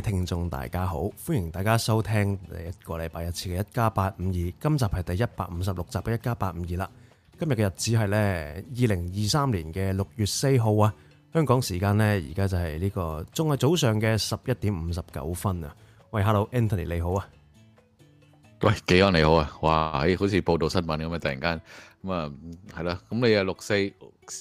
聽眾大家好，歡迎大家收聽第一個禮拜一次嘅一加八五二，52, 今集係第一百五十六集嘅一加八五二啦。今日嘅日子係呢二零二三年嘅六月四號啊，香港時間呢，而家就係呢、這個中嘅早上嘅十一點五十九分啊。喂，Hello，Anthony 你好啊，喂，紀安你好啊，哇，好似報道新聞咁啊，突然間咁啊係啦，咁、嗯、你啊六四誒、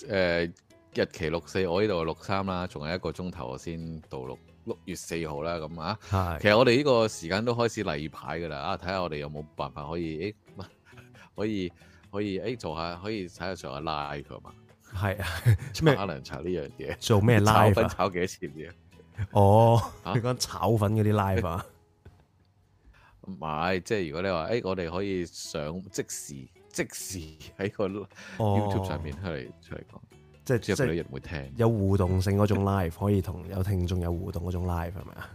呃、日期六四，我呢度六三啦，仲係一個鐘頭先到六。六月四號啦，咁啊，其實我哋呢個時間都開始例牌㗎啦，啊，睇下我哋有冇辦法可以，誒，可以可以，誒，做下可以睇下做下 live 嘛？係啊，咩涼茶呢樣嘢？查查做咩 live 啊？炒粉炒幾多錢啲啊？哦，你講炒粉嗰啲 live 啊？唔係，即係如果你話，誒、欸，我哋可以上即時即時喺個 YouTube、oh. 上面出嚟出嚟講。即係即係有互動性嗰種 live，可以同有聽眾有互動嗰種 live 係咪啊？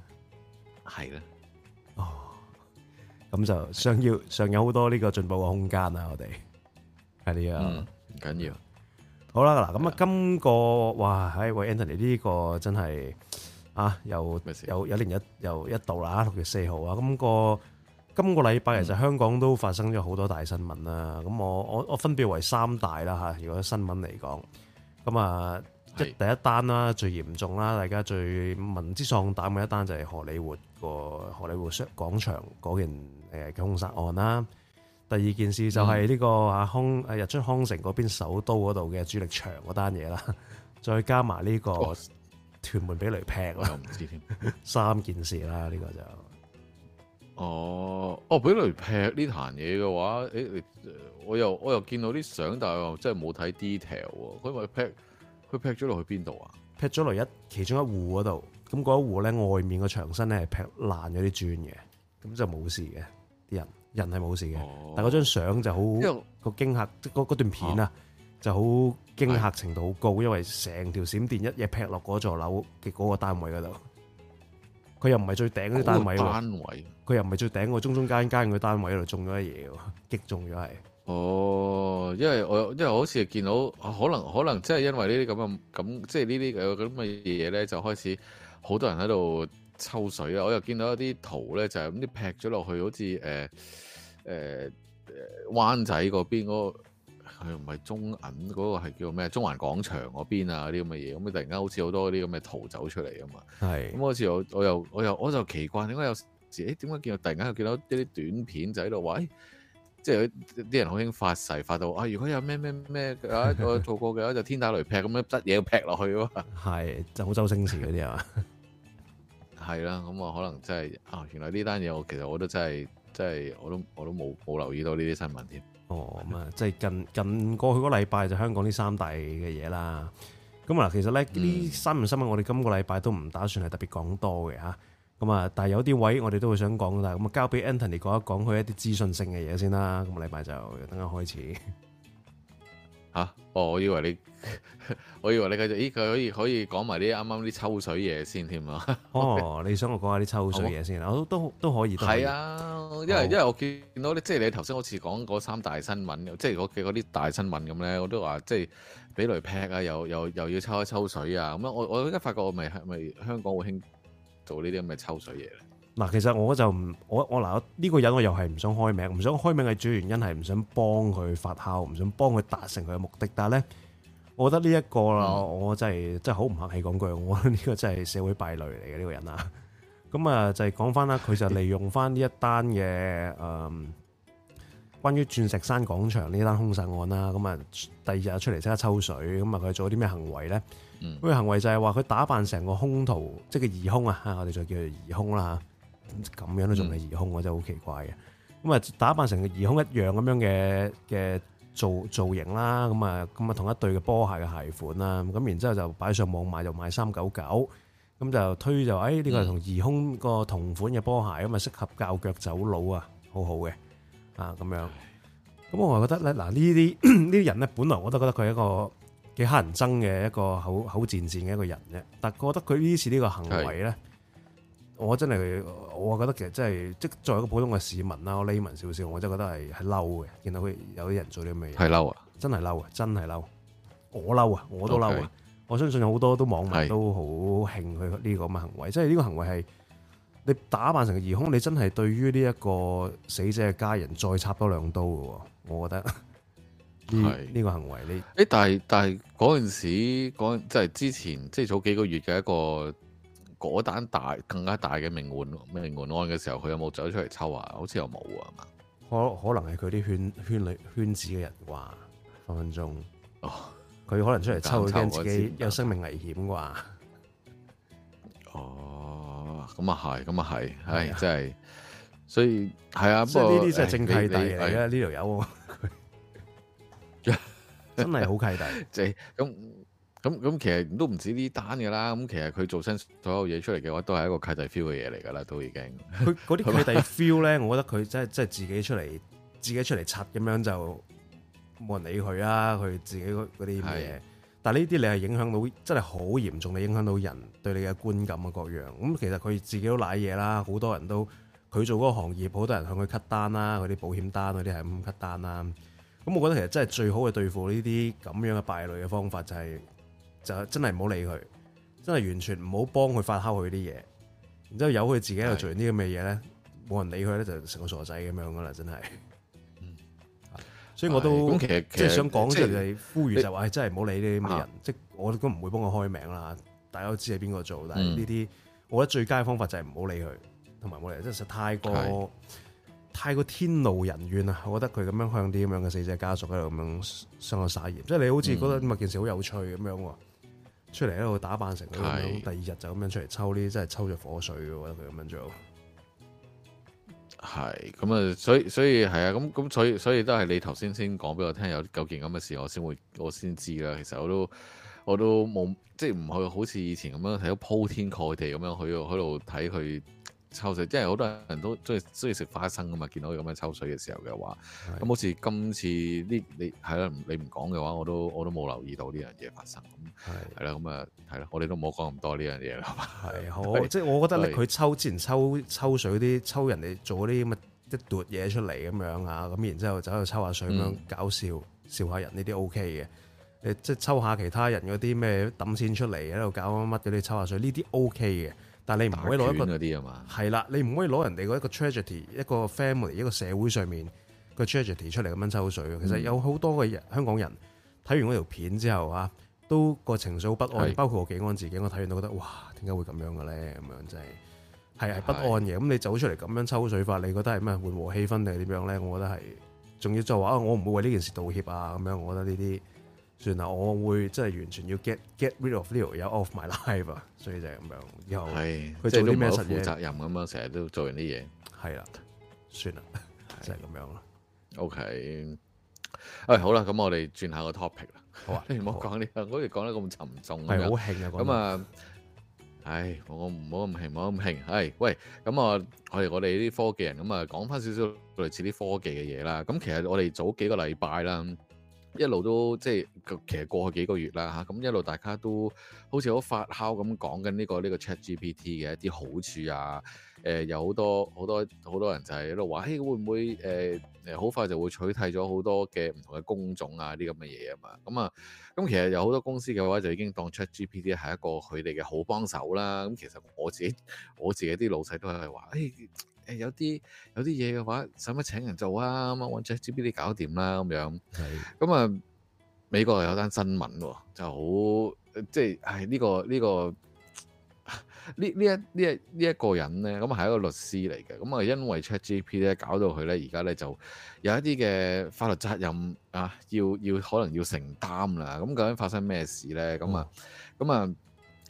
係啦的，哦，咁就尚要尚有好多呢個進步嘅空間啊！我哋係啲啊，唔緊要，好啦嗱。咁啊，今個哇，喺，喂，Anthony 呢個真係啊，又有又年一又一度啦，六月四號啊。咁個今個禮拜其實香港都發生咗好多大新聞啦。咁、嗯、我我我分別為三大啦嚇，如果新聞嚟講。咁啊，一、嗯、第一單啦，最嚴重啦，大家最聞之喪膽嘅一單就係荷里活個荷里活商廣場嗰件誒兇、呃、殺案啦。第二件事就係呢個啊，康日出康城嗰邊首都嗰度嘅朱立祥嗰單嘢啦。再加埋呢個屯門俾雷劈，我唔知添。 三件事啦，呢、呢個就。哦、呃，哦，俾雷劈呢壇嘢嘅話，誒、欸呃我又我又見到啲相，但係真係冇睇 detail。佢咪劈佢劈咗落去邊度啊？劈咗落一其中一戶嗰度。咁嗰一戶咧，外面個牆身咧係劈爛咗啲磚嘅，咁就冇事嘅。啲人人係冇事嘅，哦、但係嗰張相就好個為驚嚇，即嗰段片啊，啊就好驚嚇程度好高，啊、因為成條閃電一嘢劈落嗰座樓嘅嗰個單位嗰度。佢又唔係最頂嗰啲單位喎，佢又唔係最頂個中中間間嘅單位嗰度中咗一嘢喎，擊中咗係。哦，因為我因為我好似見到可能可能真係因為呢啲咁嘅咁即係呢啲咁嘅嘢咧，就開始好多人喺度抽水啊！我又見到一啲圖咧，就係咁啲劈咗落去，好似誒誒誒灣仔嗰邊嗰個係唔係中銀嗰個係叫咩？中環廣場嗰邊啊，啲咁嘅嘢，咁突然間好似好多啲咁嘅圖走出嚟啊嘛！係咁是好似我我又我又我就奇怪，因為有時誒點解見到突然間又見到一啲短片就喺度話？即係啲人好興發誓，發到啊！如果有咩咩咩啊，我有做過嘅就天打雷劈咁樣，執嘢劈落去喎。係就好周星馳嗰啲啊，係啦。 咁、嗯、啊，可能真係啊，原來呢單嘢我其實我都真係真係我都我都冇冇留意到呢啲新聞添。哦，咁啊的，即係近近過去嗰個禮拜就香港呢三大嘅嘢啦。咁啊，其實咧呢新唔、嗯、新聞，我哋今個禮拜都唔打算係特別講多嘅啊。咁啊，但係有啲位我哋都會想講啦，咁啊交俾 Anthony 講一講佢一啲資訊性嘅嘢先啦。咁個禮拜就等陣開始吓、啊。哦，我以為你，呵呵我以為你繼續，咦，佢可以可以講埋啲啱啱啲抽水嘢先添啊。哦， 你想我講下啲抽水嘢先，好我都都，都可以。係啊，因為好因為我見到咧，即係你頭先好似講嗰三大新聞，即係嗰啲大新聞咁咧，我都話即係俾雷劈啊，又又又，又，又，又要抽一抽水啊，咁樣我我依家發覺我咪係咪香港好興。做呢啲咁嘅抽水嘢咧，嗱，其實我就唔，我我嗱，呢、這個人我又係唔想開名，唔想開名嘅主要原因係唔想幫佢發酵，唔想幫佢達成佢嘅目的。但係咧，我覺得呢、這、一個啦，哦、我真係真係好唔客氣講句，我呢個真係社會敗類嚟嘅呢個人啊。咁 啊、嗯，就係講翻啦，佢就利用翻呢一單嘅誒，關於鑽石山廣場呢單兇殺案啦。咁、嗯、啊，第二日出嚟即刻抽水，咁、嗯、啊，佢做啲咩行為咧？佢行為就係話佢打扮成個兇徒，即係個疑凶啊！我哋就叫做疑凶啦吓，咁樣都仲係疑凶，我真係好奇怪嘅。咁啊，打扮成個疑凶一樣咁樣嘅嘅造造型啦，咁啊咁啊同一對嘅波鞋嘅鞋款啦，咁然之後就擺上網賣，就賣三九九，咁就推就誒呢個係同疑凶個同款嘅波鞋，咁啊適合教腳走佬啊，好好嘅啊咁樣。咁我啊覺得咧，嗱呢啲呢啲人咧，本來我都覺得佢係一個。幾乞人憎嘅一個好好賤賤嘅一個人咧，但係覺得佢呢次呢個行為咧，的我真係我覺得其實真係即作為一個普通嘅市民啦，我 layman 少少，我真係覺得係係嬲嘅，見到佢有啲人做啲咩嘢，係嬲啊，真係嬲啊，真係嬲，我嬲啊，我都嬲啊，Okay. 我相信好多都網民都好興佢呢個咁嘅行為，的即係呢個行為係你打扮成個疑凶，你真係對於呢一個死者嘅家人再插多兩刀嘅，我覺得。係呢個行為，呢。誒，但係但係嗰陣時，嗰即係之前，即係早幾個月嘅一個嗰單大更加大嘅命案命案案嘅時候，佢有冇走出嚟抽啊？好似又冇啊嘛？可可能係佢啲圈圈裏圈子嘅人啩？分分鐘哦，佢可能出嚟抽驚自己有生命危險啩？哦，咁啊係，咁啊係，係真係，所以係啊，不過呢啲真係正契弟嚟嘅，呢度有。真係好契弟，即係咁咁咁，其實都唔止呢單嘅啦。咁其實佢做親所有嘢出嚟嘅話，都係一個契弟 feel 嘅嘢嚟㗎啦，都已經。佢嗰啲契弟 feel 咧，我覺得佢真係真係自己出嚟，自己出嚟插咁樣就冇人理佢啊！佢自己嗰啲嘢。但係呢啲你係影響到，真係好嚴重，你影響到人對你嘅觀感啊各樣。咁其實佢自己都賴嘢啦，好多人都佢做嗰個行業，好多人向佢 cut 單啦，嗰啲保險單嗰啲係咁 cut 單啦。咁、嗯、我覺得其實真係最好嘅對付呢啲咁樣嘅敗類嘅方法就係、是、就真係唔好理佢，真係完全唔好幫佢發酵佢啲嘢，然之後由佢自己喺度做啲咁嘅嘢咧，冇的人理佢咧就成個傻仔咁樣噶啦，真係。嗯， 所以我都、嗯哎、即係想講實就係呼籲就話，你真係唔好理呢啲人，啊、即我都唔會幫佢開名啦。大家都知係邊個做，但係呢啲我覺得最佳嘅方法就係唔好理佢，同埋冇理，真、就、係、是、實太過。的太過天怒人怨啦！我覺得佢咁樣向啲咁樣嘅死者家屬喺度咁樣傷心撒鹽。即係你好似覺得嗰件事好有趣咁、嗯、樣喎，出嚟喺度打扮成是第二日就咁樣出嚟抽呢啲，真係抽著火水，我覺得佢咁樣做係咁啊！所以所以係啊！咁咁所以所以都係你頭先先講俾我聽，有九件咁嘅事我會，我先會我先知啦。其實我都我都冇即係唔去，好似以前咁樣睇到鋪天蓋地咁樣去喺度睇佢。抽水即係好多人都中意中意食花生噶嘛，見到佢咁樣抽水嘅時候嘅話，咁好似今次呢？你係啦，你唔講嘅話，我都我都冇留意到呢樣嘢發生。係係啦，咁啊係啦，我哋都冇講咁多呢樣嘢啦。係的 對好，即係我覺得咧，佢抽之前抽抽水啲，抽人哋做啲咁嘅一奪嘢出嚟咁樣啊，咁然之後走去抽下水咁樣、嗯、搞笑笑下人，呢啲 O K 嘅。誒，即係抽下其他人嗰啲咩抌錢出嚟喺度搞乜乜嗰啲抽下水，呢啲 O K 嘅。但你唔可以攞一啲啊嘛，係啦，你唔可以攞人哋嗰一個 tragedy，一個 family，一個社會上面個 tragedy 出嚟咁樣抽水。其實有好多嘅、嗯、香港人睇完嗰條片之後啊，都個情緒好不安，是包括我幾安自己。我睇完都覺得哇，點解會咁樣嘅咧？咁樣真係係係不安嘅。咁的你走出嚟咁樣抽水法，你覺得係咩緩和氣氛定係點樣咧？我覺得係，仲要就話我唔會為呢件事道歉啊咁樣。我覺得呢啲。算啦，我會真係完全要 get get rid of 呢個，有 off my life 啊，所以就係咁樣。又佢即係都唔係負責任咁啊，成日都做完啲嘢。係啦，算啦，對 就係咁樣咯。OK，喂、哎，好啦，咁我哋轉下個 topic 啦。好啊，你唔、 這個、好講、啊、啲，好似講得咁沉重，係好興啊。咁啊，唉、哎，我唔好咁興，唔好咁興。係、哎、喂，咁啊，我哋我哋啲科技人咁啊，講翻少少類似啲科技嘅嘢啦。咁其實我哋早幾個禮拜啦。一路都即係其實過去幾個月啦嚇，咁、啊、一路大家都好似好發酵咁講緊呢個呢、呢個 ChatGPT 嘅一啲好處啊，誒、呃、有好多好多好多人就喺度話，誒會唔會誒誒好快就會取替咗好多嘅唔同嘅工種啊啲咁嘅嘢啊嘛。咁啊咁、嗯、其實有好多公司嘅話就已經當 ChatGPT 係一個佢哋嘅好幫手啦，咁、嗯、其實我自己我自己啲老細都係話，誒、哎。誒有啲有啲嘢嘅話，使乜請人做啊？咁啊搵 Chat G P T 搞掂啦，咁樣。係的。咁啊、嗯，美國有單新聞喎，就好，即係係呢個呢、這個呢呢一呢一呢一個人咧，咁係一個律師嚟嘅。咁啊，因為 Chat G P 咧搞到佢咧，而家咧就有一啲嘅法律責任啊，要要可能要承擔啦。咁究竟發生咩事咧？咁啊、嗯，咁啊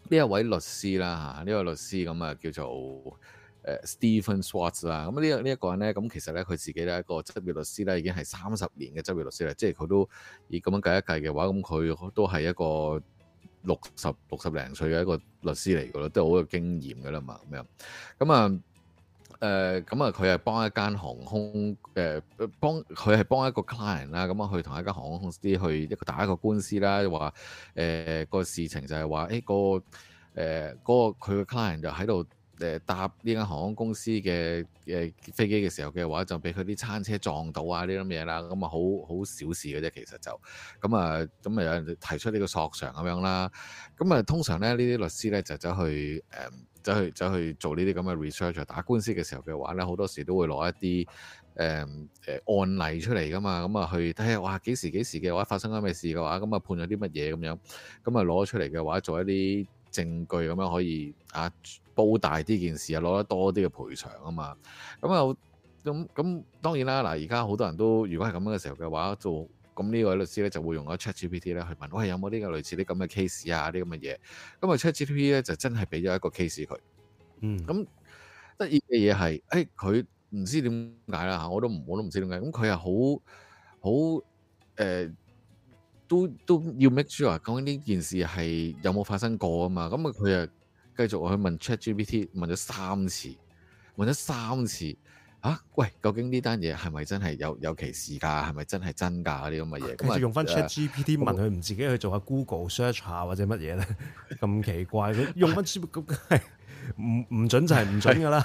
呢一位律師啦，嚇呢位律師咁啊叫做。誒 Stephen Swartz 啦，咁呢一呢一個人咧，咁其實咧佢自己咧一個執業律師咧，已經係三十年嘅執業律師啦，即係佢都以咁樣計一計嘅話，咁佢都係一個六十六十零歲嘅一個律師嚟嘅咯，都係好有經驗嘅啦嘛，咁樣，咁啊誒，咁啊佢係幫一間航空誒幫佢係幫一個 client 啦、嗯，咁啊佢同一間航空公司去一個打一個官司啦，話誒個事情就係話誒個誒嗰、呃嗰個佢嘅 client 就喺度。誒搭呢間航空公司嘅嘅飛機嘅時候嘅話，就俾佢啲餐車撞到啊！呢啲咁嘢啦，咁啊好好小事嘅啫，其實就咁啊，咁啊有人提出呢個索償咁樣啦。咁啊，通常咧呢啲律師咧就走去誒、嗯，走去走去做呢啲咁嘅 research，打官司嘅時候嘅話咧，好多時都會攞一啲誒誒案例出嚟㗎嘛，咁啊去睇下哇幾時幾時嘅話發生咗咩事嘅話，咁啊判咗啲乜嘢咁樣，咁啊攞出嚟嘅話做一啲證據咁樣可以啊，煲大呢件事啊，攞得多啲嘅賠償啊嘛。咁、嗯、啊，咁、嗯、咁、嗯、當然啦。嗱，而家好多人都如果係咁樣嘅時候嘅話，就咁呢位律師咧就會用咗 ChatGPT 咧去問，喂，有冇呢個類似啲咁嘅 case 啊啲咁嘅嘢。咁啊 ChatGPT 咧就真係俾咗一個 case 佢。嗯。咁得意嘅嘢係，誒佢唔知點解啦嚇，我都唔我都唔知點解。咁佢係好好誒。都都要 make sure 究竟呢件事係有冇發生過啊嘛，咁啊佢啊繼續去問 ChatGPT 問咗三次，問咗三次，啊喂，究竟呢單嘢係咪真係有有歧視㗎？係咪真係真㗎嗰啲咁嘅嘢？佢就、啊、用翻 ChatGPT 問佢，唔自己去做下 Google search 下或者乜嘢咧？咁 奇怪佢用翻 GPT 咁係唔唔準就係唔準㗎啦。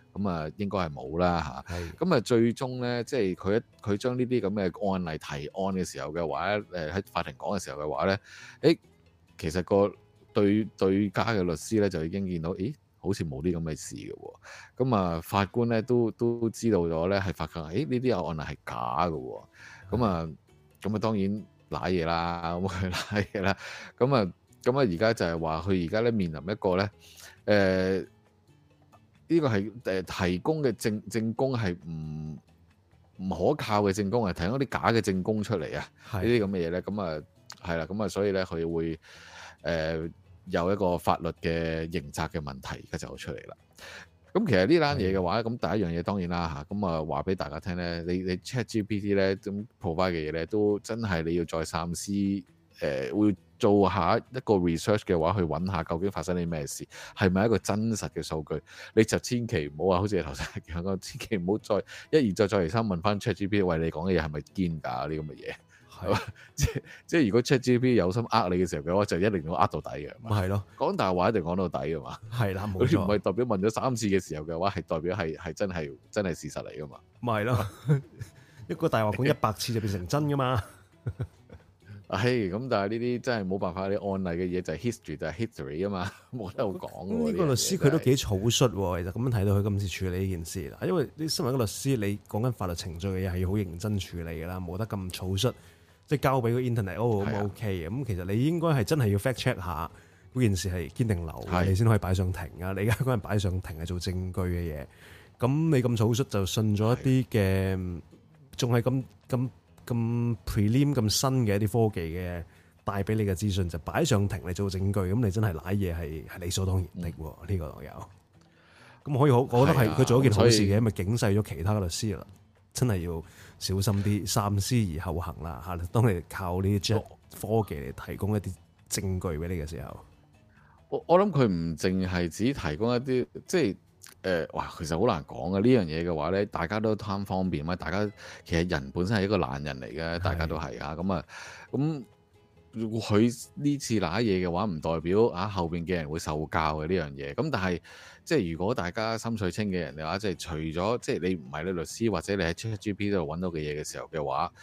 咁啊，應該係冇啦吓。咁啊的，最終咧，即係佢一佢將呢啲咁嘅案例提案嘅時候嘅話，誒、呃、喺法庭講嘅時候嘅話咧，誒其實個對對家嘅律師咧就已經見到，咦，好似冇啲咁嘅事嘅喎、哦。咁啊，法官咧都都知道咗咧，係發覺誒呢啲案例係假嘅喎、哦。咁啊，咁啊的當然賴嘢啦，咁佢賴嘢啦。咁啊，咁啊而家就係話佢而家咧面臨一個咧，誒、呃。呢個係誒提供嘅證證供係唔唔可靠嘅證供，係提供一啲假嘅證供出嚟啊！的呢啲咁嘅嘢咧，咁啊係啦，咁啊所以咧佢會誒、呃、有一個法律嘅刑責嘅問題，而家就出嚟啦。咁其實呢單嘢嘅話，咁的第一樣嘢當然啦嚇，咁啊話俾大家聽咧，你你 ChatGPT 咧咁 provide 嘅嘢咧，都真係你要再三思誒、呃、會。做下一個 research 嘅話，去揾下究竟發生啲咩事，係咪一個真實嘅數據？你就千祈唔好話，好似頭先講，千祈唔好再一而再、再而三問翻 ChatGPT，喂，你講嘅嘢係咪堅架呢？咁嘅嘢係即即如果 ChatGPT 有心呃你嘅時候嘅話，就一定要呃到底嘅。咪係咯，講大話一定講到底嘅嘛。係啦，冇錯。唔係代表問咗三次嘅時候嘅話，係代表係係真係真係事實嚟嘅嘛。唔係咯，一個大話講一百次就變成真嘅嘛。百係咁、哎，但係呢啲真係冇辦法，啲案例嘅嘢就係 history 就係 history 啊嘛，冇得好講。咁呢個律師佢都幾草率喎，其實咁樣睇到佢今次處理呢件事啦。因為身為一個律師，你講緊法律程序嘅嘢係要好認真處理㗎啦，冇得咁草率，即、就、係、是、交俾個 internet 哦咁 OK 嘅。咁是、啊、其實你應該係真係要 fact check 下嗰件事係堅定流，是啊、你先可以擺上庭㗎。你而家嗰人擺上庭係做證據嘅嘢，咁你咁草率就信咗一啲嘅，仲係咁咁。的咁 prelim 咁新嘅一啲科技嘅帶俾你嘅資訊就擺上庭嚟做證據，咁你真係賴嘢係係理所當然的呢、嗯、個有，咁可以好，我覺得係佢、啊、做一件好事嘅，以因為警示咗其他律師啦，真係要小心啲，三思而後行啦嚇。當你靠呢啲科技嚟提供一啲證據俾你嘅時候，我我諗佢唔淨係只提供一啲即係。誒、呃、哇，其實好難講嘅呢樣嘢嘅話咧，大家都貪方便嘛。大家其實人本身係一個懶人嚟嘅，的大家都係啊。咁、嗯、啊，咁如果佢呢次嗱嘢嘅話，唔代表啊後邊嘅人會受教嘅呢樣嘢。咁但係即係如果大家心水清嘅人嘅話，即係除咗即係你唔係你律師或者你喺 ChatGPT 度揾到嘅嘢嘅時候嘅話，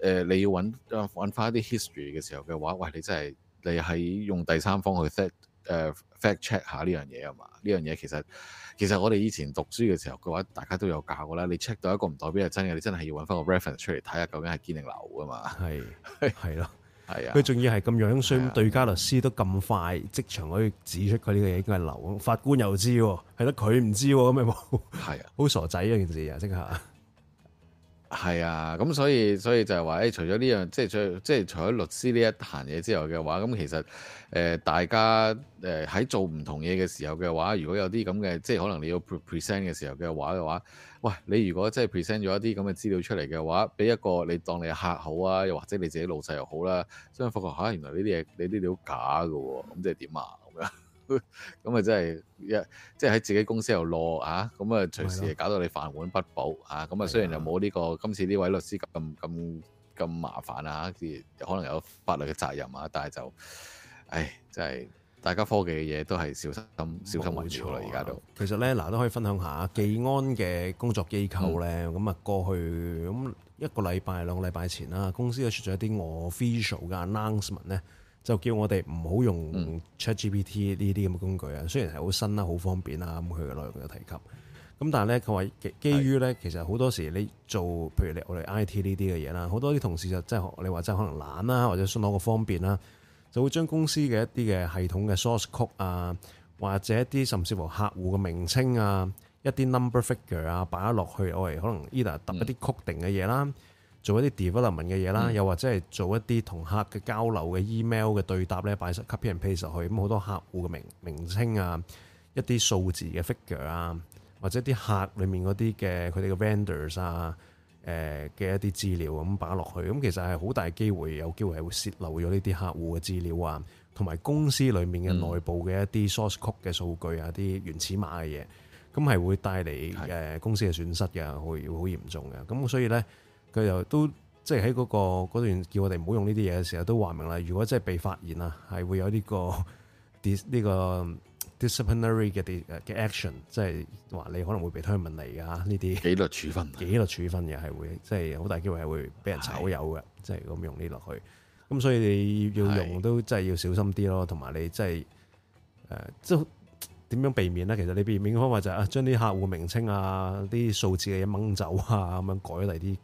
誒、呃、你要揾揾翻、啊、啲 history 嘅時候嘅話，喂，你真係你係用第三方去 fact 誒 fact,、uh, fact check 下呢樣嘢啊嘛。呢樣嘢其實～其實我哋以前讀書嘅時候嘅話，大家都有教過啦。你 check 到一個唔代表係真嘅，你真係要揾翻個 reference 出嚟睇下究竟係堅定流噶嘛。係係咯，係啊。佢仲、 啊、要係咁樣相對家律師都咁快即場可以指出佢呢個嘢已經係流。法官又知，係得佢唔知咁咪冇。係啊，好 傻仔啊！件事啊，即刻。係啊，咁所以所以就係話咧，除咗呢樣即係即係除咗律師呢一壇嘢之外嘅話，咁其實誒、呃、大家誒喺、呃、做唔同嘢嘅時候嘅話，如果有啲咁嘅即係可能你要 present 嘅時候嘅話嘅話，喂，你如果即係 present 咗一啲咁嘅資料出嚟嘅話，俾一個你當你客好啊，又或者你自己老細又好啦、啊，將發覺吓、啊、原來呢啲嘢你啲料假㗎喎、哦，咁即係點啊？咁啊， 真係一即係喺自己公司又落啊，咁啊的，隨時搞到你飯碗不保啊！咁啊的，雖然又冇呢個的今次呢位律師咁咁咁麻煩啊，可能有法律嘅責任啊，但係就，唉，真係大家科技嘅嘢都係小心的小心為妙啦！而家、啊、都其實咧嗱，都可以分享下記安嘅工作機構咧，咁啊、嗯、過去咁一個禮拜兩個禮拜前啦，公司咧出咗一啲 official 嘅 announcement 咧。就叫我哋唔好用 ChatGPT 呢啲咁嘅工具啊，嗯、雖然係好新啦、好方便啦，咁佢嘅內容有提及。咁但係咧，佢話基於咧，其實好多時你做，譬如你我哋 IT 呢啲嘅嘢啦，好多啲同事就即係你話真係可能懶啦，或者想攞個方便啦，就會將公司嘅一啲嘅系統嘅 source code 啊，或者一啲甚至乎客戶嘅名稱啊、一啲 number figure 啊擺咗落去，我哋可能依度揼一啲 coding 嘅嘢啦。嗯做一啲 development 嘅嘢啦，嗯、又或者係做一啲同客嘅交流嘅 email 嘅對答咧，擺晒 copy and paste 落去咁，好多客戶嘅名名稱啊，一啲數字嘅 figure 啊，或者啲客裏面嗰啲嘅佢哋嘅 vendors 啊，誒、呃、嘅一啲資料咁擺落去，咁其實係好大機會有機會係會泄露咗呢啲客戶嘅資料啊，同埋公司裏面嘅內部嘅一啲 source code 嘅數據啊，啲、嗯、原始碼嘅嘢，咁係會帶嚟誒公司嘅損失嘅，會好嚴重嘅。咁所以咧。佢又都即係喺嗰個嗰段叫我哋唔好用呢啲嘢嘅時候，都話明啦。如果真係被發現啊，係會有呢、這個、這個、dis 呢個 disciplinary 嘅嘅 action，即係話你可能會被去問你噶呢啲紀律處分。紀律處分又係會即係好大機會係會俾人炒魷嘅，是即係咁用呢落去。咁所以你要用都真係要小心啲咯，同埋是你即係誒，即係點樣避免呢？其實你避免嘅方法就係、是、啊，將啲客戶名稱啊，啲數字嘅嘢掹走啊，咁樣改嚟啲。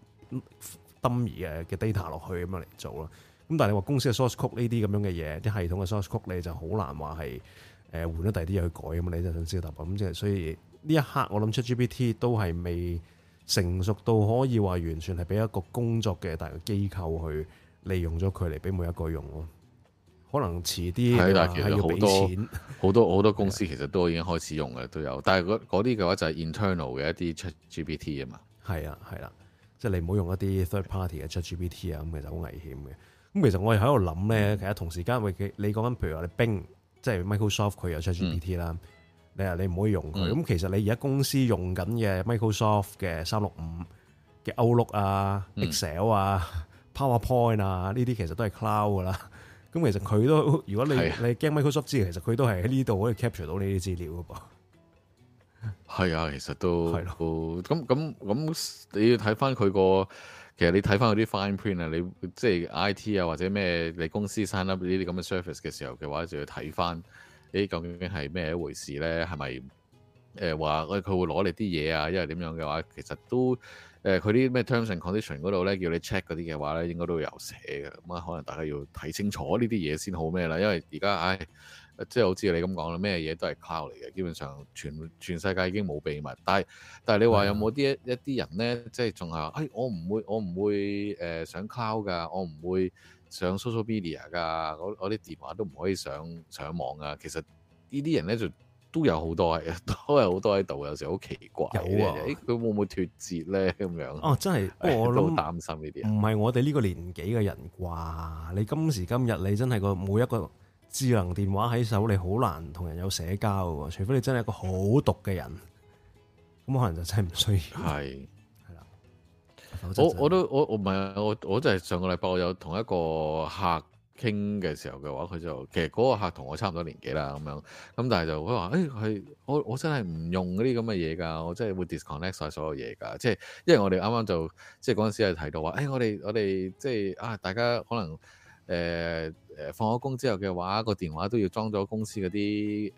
Dummy 嘅嘅 data 落去咁樣嚟做咯。咁但係你話公司嘅 source code 呢啲咁樣嘅嘢，啲系統嘅 source code 你就好難話係誒換咗第二啲嘢去改咁啊。你就想知道答案。咁即係所以呢一刻我諗出 GPT 都係未成熟到可以話完全係俾一個工作嘅大嘅機構去利用咗佢嚟俾每一個用咯。可能遲啲，但係好多好 多,多公司其實都已經開始用嘅都有，但係嗰啲嘅話就係 internal 嘅一啲出 GPT 啊嘛。係啊，係啦。即係你唔好用一啲 third party 嘅 ChatGPT 啊，咁其實好危險嘅。咁其實我哋喺度諗咧，嗯、其實同時間，喂，你講緊譬如話你 Bing、嗯，即係 Microsoft 佢有 ChatGPT 啦，你啊你唔可以用佢。咁其實你而家公司用緊嘅 Microsoft 嘅三六五嘅 Outlook 啊、嗯、Excel 啊、PowerPoint 啊，呢啲其實都係 cloud 噶啦。咁其實佢都，如果你的你驚 Microsoft 知，其實佢都係喺呢度可以 capture 到呢啲資料噶噃。係啊，其實都係咯。咁咁咁，你要睇翻佢個，其實你睇翻嗰啲 fine print 啊，你即係 I T 啊或者咩，你公司 sign up 呢啲咁嘅 service 嘅時候嘅話，就要睇翻呢究竟係咩一回事咧？係咪？誒，話佢佢會攞你啲嘢啊？因為點樣嘅話，其實都誒，佢、呃、啲咩 terms and condition 嗰度咧，叫你 check 嗰啲嘅話咧，應該都會有寫嘅。咁啊，可能大家要睇清楚呢啲嘢，先好咩啦。因為而家唉。即係好似你咁講啦，咩嘢都係 cloud 嚟嘅，基本上全全世界已經冇秘密。但係但係你話有冇啲一啲人咧，即係仲係話，誒我唔會我唔會誒上 cloud 噶，我唔會，呃，會上 social media 噶，我我啲電話都唔可以上上網啊。其實呢啲人咧就都有好多都係好多喺度，有時好奇怪。有啊，佢會唔會脫節咧咁樣？哦、啊，真係我都擔心呢啲。唔係我哋呢個年紀嘅人啩？你今時今日你真係個每一個。智能電話喺手，你好難同人有社交嘅喎，除非你真係一個好毒嘅人，咁可能就真係唔需要。係係啦，我我都我我唔係我，我就係上個禮拜我有同一個客傾嘅時候嘅話，佢就其實嗰個客同我差唔多年紀啦，咁樣咁但係就會話，誒、欸，佢我我真係唔用嗰啲咁嘅嘢㗎，我真係會 disconnect 晒所有嘢㗎，即係因為我哋啱啱就即係嗰陣時係提到話，誒、欸，我哋我哋即係啊，大家可能誒。呃誒放咗工之後嘅話，個電話都要裝咗公司嗰啲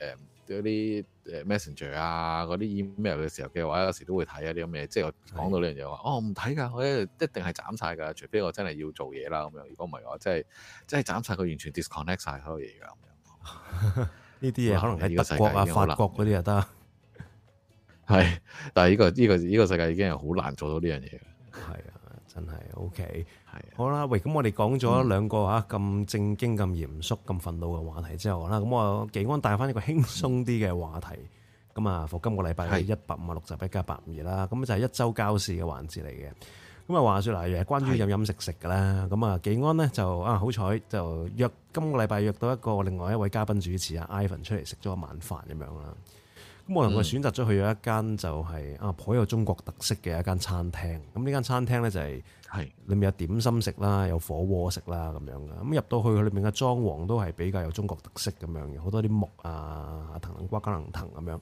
誒啲誒 Messenger 啊，嗰啲 email 嘅時候嘅話，有時都會睇一啲咁嘅，即係我講到呢樣嘢話，的哦唔睇㗎，我一定係斬曬㗎，除非我真係要做嘢啦咁樣。如果唔係我真係真係斬晒佢，完全 disconnect 晒所有嘢嘅。呢啲嘢可能喺德國啊、法國嗰啲又得。係，但係呢個呢個呢個世界已經係好難做到呢樣嘢嘅。係啊，真係 OK。好、哦、啦，喂，咁、嗯、我哋講咗兩個吓、啊、咁正經、咁嚴肅、咁憤怒嘅話題之後啦，咁我紀安帶翻一個輕鬆啲嘅話題。咁啊，今個禮拜係一百五啊六十一加八五二啦，咁是就係一周膠事嘅環節嚟嘅。咁啊，話說嗱，又係關於飲飲食食嘅啦。咁啊，紀安呢，就啊好彩就約今個禮拜約到一個另外一位嘉賓主持啊，Ivan 出嚟食咗個晚飯咁樣啦。咁我同佢選擇咗去咗一間就係、是、啊頗有中國特色嘅一間餐廳。咁呢間餐廳呢、就是，就係。係，裏面有點心食啦，有火鍋食啦咁樣嘅。咁入到去佢裏面嘅裝潢都係比較有中國特色咁樣嘅，好多啲木啊、藤、瓜、甘藤咁樣。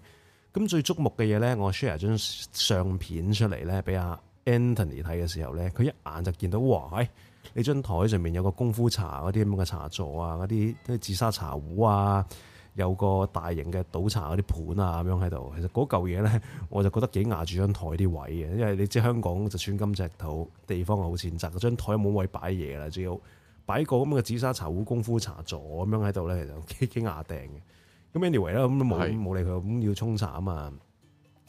咁最觸目嘅嘢咧，我 share 張相片出嚟咧，俾阿 Anthony 睇嘅時候咧，佢一眼就見到，哇！唉、哎，你張台上面有個功夫茶嗰啲咁嘅茶座啊，嗰啲啲紫砂茶壺啊。有個大型嘅倒茶嗰啲盤啊，咁樣喺度。其實嗰嚿嘢咧，我就覺得幾壓住張台啲位嘅，因為你知香港就寸金尺土，地方好淺窄，嗰張台冇位擺嘢啦，仲要擺個咁嘅紫砂茶壺功夫茶座咁樣喺度咧，其實幾幾壓定嘅。咁 anyway 啦，咁都冇冇理佢，咁要沖茶啊嘛，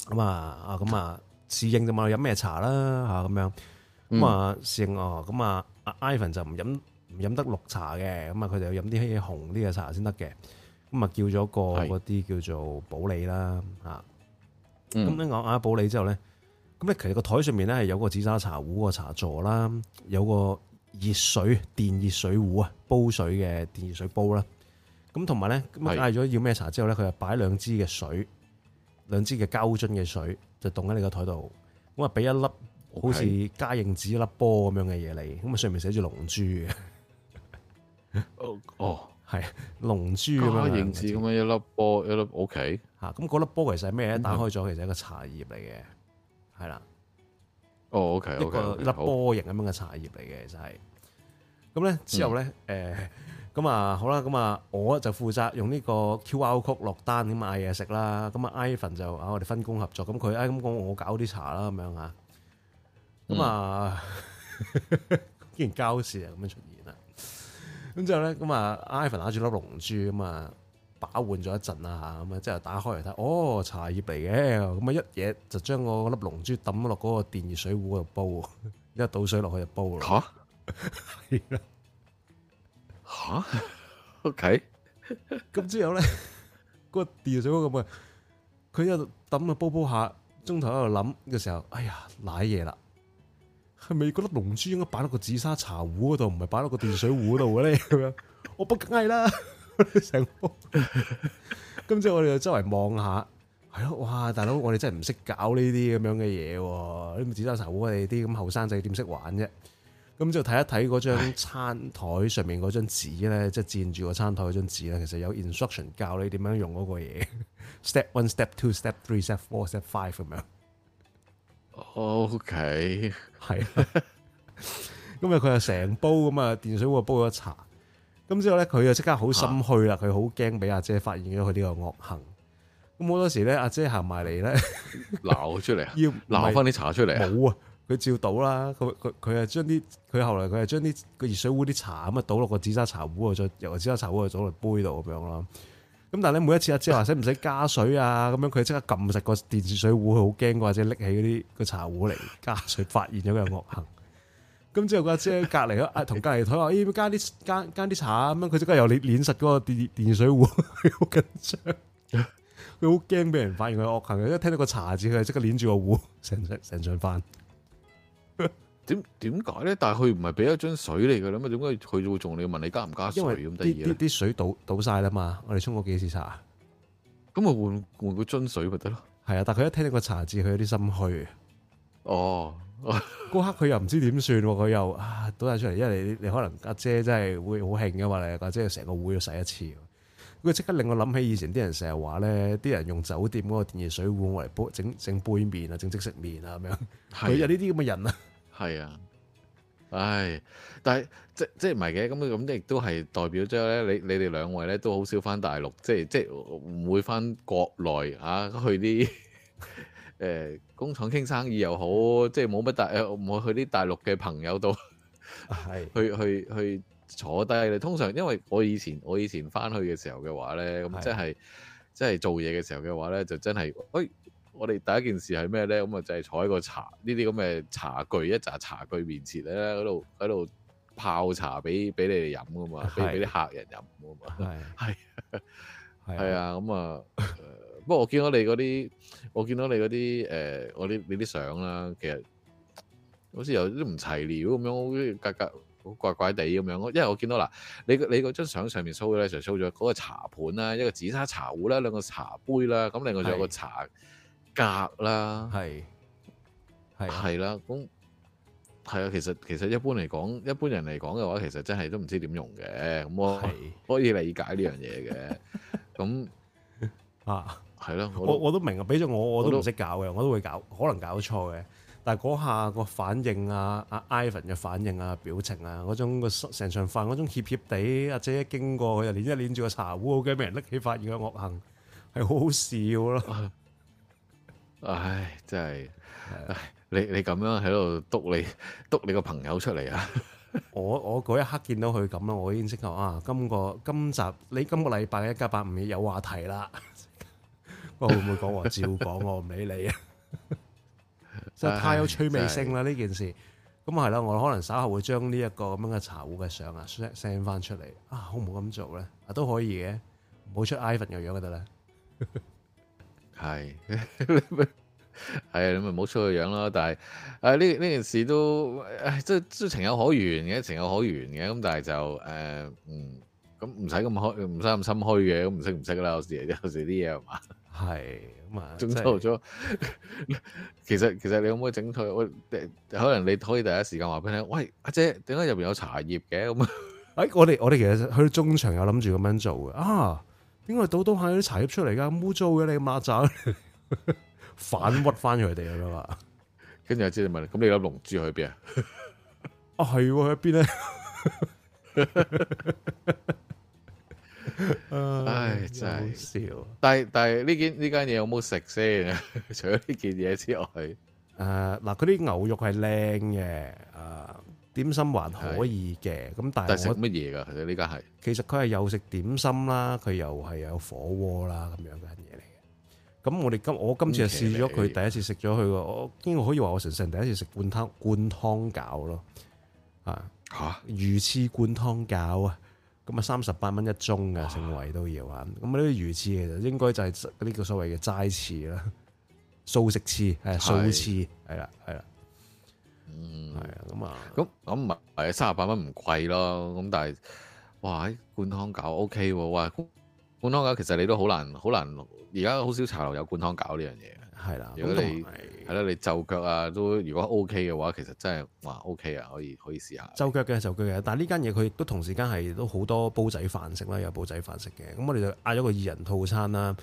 咁啊啊咁啊侍應就問飲咩茶啦嚇，咁樣咁、mm. 啊侍應啊咁啊阿 Ivan 就唔飲唔飲得綠茶嘅，咁啊佢哋要飲啲嘢紅啲嘅茶先得嘅。咁啊叫咗個嗰啲叫做保利啦，啊、嗯，咁咧嗌阿保利之後咧，咁咧其實個台上面咧係有個紫砂茶壺個茶座啦，有個熱水電熱水壺啊，煲水嘅電熱水煲啦，咁同埋咧咁嗌咗要咩茶之後咧，佢是就擺兩支嘅水，兩支嘅膠樽嘅水就凍喺你個台度，咁啊俾一粒好似加硬紙一粒波咁樣嘅嘢嚟，咁啊 Okay. 上面寫住龍珠，哦。 Okay. oh. 係龍珠咁、啊、樣，形似咁樣一粒波，一粒 O K 吓，咁嗰粒波 Okay. 其實係咩咧？打開咗其實係一個茶葉嚟嘅。係啦，哦 O K，一個粒波形咁樣嘅茶葉嚟嘅，其實係咁咧之後咧，誒咁、嗯呃、啊好啦，咁啊我就負責用呢個 Q R Code 落單咁買嘢食啦，咁啊 Ivan 就啊我哋分工合作，咁佢啊咁講我搞啲茶啦咁樣吓，咁啊竟然交啊，咁樣出現。咁之後咧，咁啊，Ivan 拿住粒龍珠咁啊，把玩咗一陣啊，咁啊，之後打開嚟睇，哦，茶葉嚟嘅，咁啊，一嘢就將個粒龍珠抌落嗰個電熱水壺度煲，一倒水落去就煲咯。吓，係啦，吓，OK，咁之後咧，嗰個電熱水壺咁啊，佢一度抌啊煲一煲一下，中途喺度諗嘅時候，哎呀，瀨嘢啦。係咪覺得龍珠應該擺落個紫砂茶壺嗰度，唔係擺落個電水壺嗰度嘅咧？咁樣，我不禁啦，成 個屋。咁之後我哋就周圍望下，係咯，哇，大佬，我哋真係唔識搞呢啲咁樣嘅嘢。呢啲紫砂茶壺，我哋啲咁後生仔點識玩啫？咁就睇一睇嗰張餐台上面嗰張紙咧， 即係墊住個餐台嗰張紙咧，其實有 instruction 教你點樣用嗰個嘢。 Step one, step two, step three, step four, step five，咁樣。OK，係，咁啊佢又成煲咁啊電水壺煲咗茶，咁之後咧佢就即刻好心虛啦，佢好驚俾阿姐發現咗佢呢個惡行，咁好多時咧阿姐行埋嚟咧，撈出嚟啊， 要是撈翻啲茶出嚟好啊，佢照倒啦，佢佢佢啊將啲佢後來佢係將啲個熱水壺啲茶咁啊倒落個紫砂茶壺啊，再由紫砂茶壺去倒落杯度咁樣啦。咁但係咧，每一次阿姐係話使唔使加水啊？咁樣佢即刻撳實個電熱水壺，佢好驚嘅，或者拎起嗰啲個茶壺嚟，加水，發現咗佢惡行。咁之後個阿姐隔籬啊，同隔籬台話：咦、欸，要加啲加加啲茶啊？咁樣佢即刻又捻捻實嗰個電電熱水壺，佢好緊張，佢好驚俾人發現佢惡行。一聽到個茶字，佢即刻捻住個壺，成成成翻。點點解咧？但係佢唔係俾一樽水嚟噶啦嘛？點解佢會仲要問你加唔加水咁得意？因為啲水倒倒晒啦嘛！我哋沖過幾次茶啊？咁啊換換個樽水咪得咯。係啊，但佢一聽到個茶字，佢有啲心虛哦，嗰、啊、刻佢又唔知點算，佢又啊倒晒出嚟，因為你你可能阿姐，姐真係會好興噶嘛，你阿姐要成個壺要洗一次。佢即刻令我諗起以前啲人成日話咧，啲人用酒店嗰個電熱水壺嚟煲整整杯麵啊，整即食麵啊咁樣。佢有呢啲咁嘅人啊。係啊，唉，但係即即唔係嘅，咁咁亦都係代表咗咧。你你哋兩位咧都好少翻大陸，即即唔會翻國內嚇、啊、去啲誒、呃、工廠傾生意又好，即冇乜大唔去啲大陸嘅朋友度，係 去去去、去坐低你。通常因為我以前我以前翻去嘅時候嘅話咧，咁即係即係做嘢嘅時候嘅話咧，就真係，哎。我哋第一件事係咩咧？咁、嗯、啊，就係、是、坐喺個茶呢啲咁嘅茶具一扎茶具面前咧，度喺度泡茶俾俾你哋飲噶嘛，俾俾啲客人飲噶嘛，係係啊，係啊的，咁啊的，不過、嗯 嗯、我見到你嗰啲，我見到你嗰啲誒，我、呃、啲你啲相啦，其實好似有啲唔齊料咁樣，好似格格好怪怪地咁樣。因為我見到嗱，你你嗰張相上面 show 咧，就 show 咗嗰個茶盤啦，一個紫砂茶壺啦，兩個茶杯啦，咁另外仲有個茶。格啦，係係係啦，咁係啊。其實其實一般嚟講，一般人嚟講嘅話，其實真係都唔知點用嘅。咁我係我可以理解呢樣嘢嘅。咁 咁啊，係咯，啊，我都我，我都明啊。俾咗我我都唔識都搞嘅，我都會搞，可能搞錯嘅。但係嗰下個反應啊，阿 Ivan 嘅反應啊，表情啊，嗰種成場飯嗰種怯怯地，阿姐一經過佢又捻一捻住個茶壺，好驚俾人拎起發現佢惡行，係好好笑咯。 唉，真係，的唉，你你咁樣喺度督你督你個朋友出嚟啊！ 我我嗰一刻見到佢咁啦，我已經識咗啊！今個今集你今個禮拜一家八五二有話題啦， 我會唔會講我照講，我唔理你啊！真係 太有趣味性啦呢的件事，咁啊係啦，我可能稍後會將呢一個咁樣嘅茶壺嘅相啊 send 翻出嚟啊，好唔好咁做咧？啊都可以嘅，唔好出 iPhone 嘅樣就得啦。 係，係 啊，你咪唔好出去養咯。但係，啊呢呢件事都，唉、哎，即係都情有可原嘅，情有可原嘅。咁但係就，誒、呃，嗯，咁唔使咁開，唔使咁心虛嘅，咁唔識唔識噶啦。有時有時啲嘢係嘛，係咁啊。總之做咗，其實其實你可唔可以整佢？誒，可能你可以第一時間話俾你聽，喂，阿姐，點解入邊有茶葉嘅？咁啊，誒，我哋我哋其實去中場有諗住咁樣做嘅啊。點解倒倒下啲茶葉出嚟噶？污糟嘅你馬賊 反屈翻佢哋啦嘛？跟住阿志就問：咁你粒龍珠去邊啊？啊係喺邊咧？呢 唉真係笑！但係但係呢件呢間嘢有冇食先？好好 除咗呢件嘢之外 、呃，誒嗱，佢啲牛肉係靚嘅啊。呃點心還可以嘅，咁的但係食乜嘢㗎？佢呢家係其實佢係又食點心啦，佢又係有火鍋啦咁樣嘅嘢嚟嘅。咁我哋今我今次就試咗佢第一次食咗佢個，我邊個可以話我成世人第一次食灌湯灌湯餃咯？啊嚇魚翅灌湯餃啊！咁啊三十八蚊一盅嘅，成圍都要啊！咁呢啲魚翅其實應該就係呢啲所謂嘅齋翅啦，素食翅係素翅係啦係啦。嗯，係啊、嗯，咁啊、嗯，咁咁唔係三十八蚊唔貴咯，咁但係，哇喺灌湯餃 O K 喎，哇灌湯餃其實你都好難好難，而家好少茶樓有灌湯餃呢樣嘢嘅，係啦，如果你係啦，你就腳啊都如果 O K 嘅話，其實真係哇 O K 啊，可以可以試下。就腳嘅就腳嘅，但係呢間嘢佢亦都同時間係都好多煲仔飯食啦，有煲仔飯食嘅，咁我哋就嗌咗個二人套餐啦。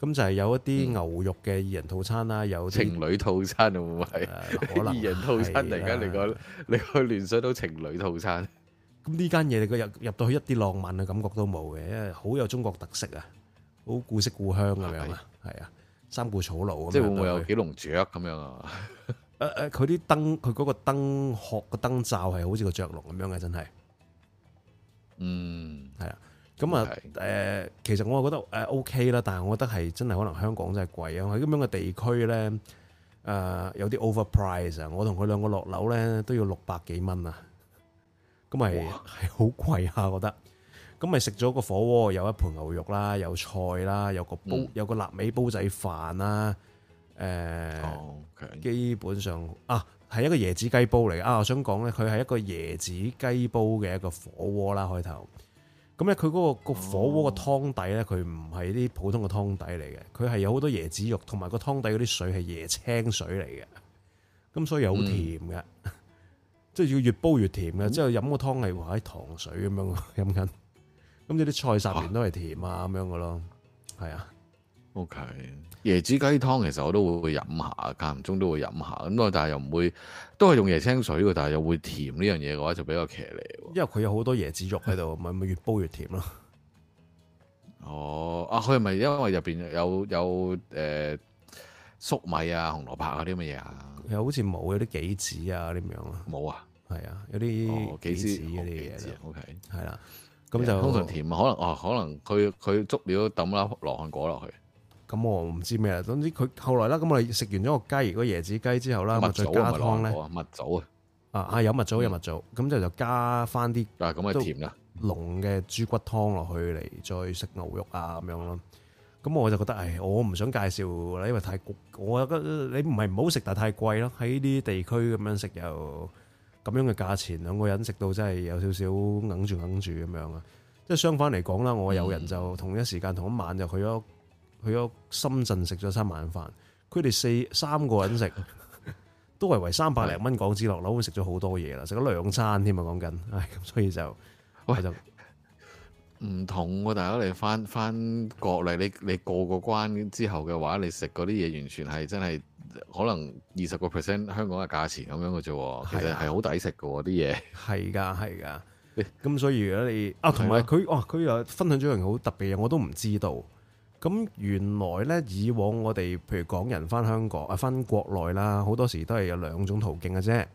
咁就係有一啲牛肉嘅二人套餐啦，嗯、有情侶套餐啊，會唔會係可能二人套餐，突然間嚟講，你去聯想到情侶套餐。咁呢間嘢你個入入到去一啲浪漫嘅感覺都冇嘅，因為好有中國特色，古色古啊，好古色古香咁樣啊，係啊，三顧草廬。即係會唔會有幾龍雀咁樣啊？誒誒、 呃，佢啲燈，佢嗰個燈殼個燈罩係好似個雀龍咁樣嘅，真係。嗯，係啊。咁啊，誒、呃，其實我覺得誒、呃、OK 啦，但係我覺得係真係可能香港真係貴啊！喺咁樣嘅地區咧，誒、呃，有啲 overprice 嘅我同佢兩個落樓咧都要六百幾蚊啊！咁咪係好貴啊，我覺得。咁咪食咗個火鍋，有一盤牛肉啦，有菜啦，有個煲，有個臘味煲仔飯啦，誒、呃，嗯、基本上啊，係一個椰子雞煲嚟嘅啊！我想講咧，佢係一個椰子雞煲嘅一個火鍋啦，開頭。咁咧，佢嗰個個火鍋個湯底咧，佢唔係啲普通嘅湯底嚟嘅，佢係有好多椰子肉，同埋個湯底嗰啲水係椰青水嚟嘅，咁所以好甜嘅，嗯、即係要越煲越甜嘅，之後飲個湯係話喺糖水咁樣飲緊，咁你啲菜霎完都係甜啊咁哇樣嘅咯，係啊，OK。椰子雞湯其實我都會飲下，間唔中都會飲下咁但係又唔會，都係用椰青水但係又會甜呢樣嘢嘅話就比較騎呢。因為佢有好多椰子肉喺度，咪咪越煲越甜咯。哦，啊，佢係咪因為入邊有有誒、呃、粟米啊、紅蘿蔔嗰啲乜嘢啊，啊又好似冇有啲杞子啊啲咁樣咯，冇啊，係啊，有啲杞子嗰啲嘢 OK，係啦，啊，咁就通常甜啊，可能、哦、可能佢佢足料抌粒羅漢果落去。咁我唔知咩啦，總之佢後來啦，咁我哋食完咗個雞，個椰子雞之後啦，再加湯咧，蜜棗啊，啊有蜜棗有蜜棗，咁就就加翻啲咁嘅甜噶濃嘅豬骨湯落去嚟，再食牛肉啊咁樣咯。咁我就覺得，誒我唔想介紹啦，因為太貴，我覺得你唔係唔好食，但太貴咯。喺呢啲地區咁樣食又咁樣嘅價錢，兩個人食到真係有少少揞住揞住咁樣啊。即係相反嚟講啦，我有人就同一時間同一晚就去咗。去咗深圳食咗餐晚飯，佢哋四三個人食，都係圍三百零蚊港紙落樓，食咗好多嘢啦，食咗兩餐添啊！講緊，唉，咁所以就，喂，就唔同喎！大家你翻翻國嚟，你你，你過個關之後嘅話，你食嗰啲嘢完全係真係可能二十個 percent 香港嘅價錢咁樣嘅啫，啊、其實係好抵食嘅啲嘢。係噶係噶，咁所以如果你啊，同埋佢哇，佢又的、哦、分享咗樣好特別嘅，我都唔知道。咁原來呢，以往我哋譬如港人返香港啊，返國內啦，好多時都係有兩種途徑嘅啫，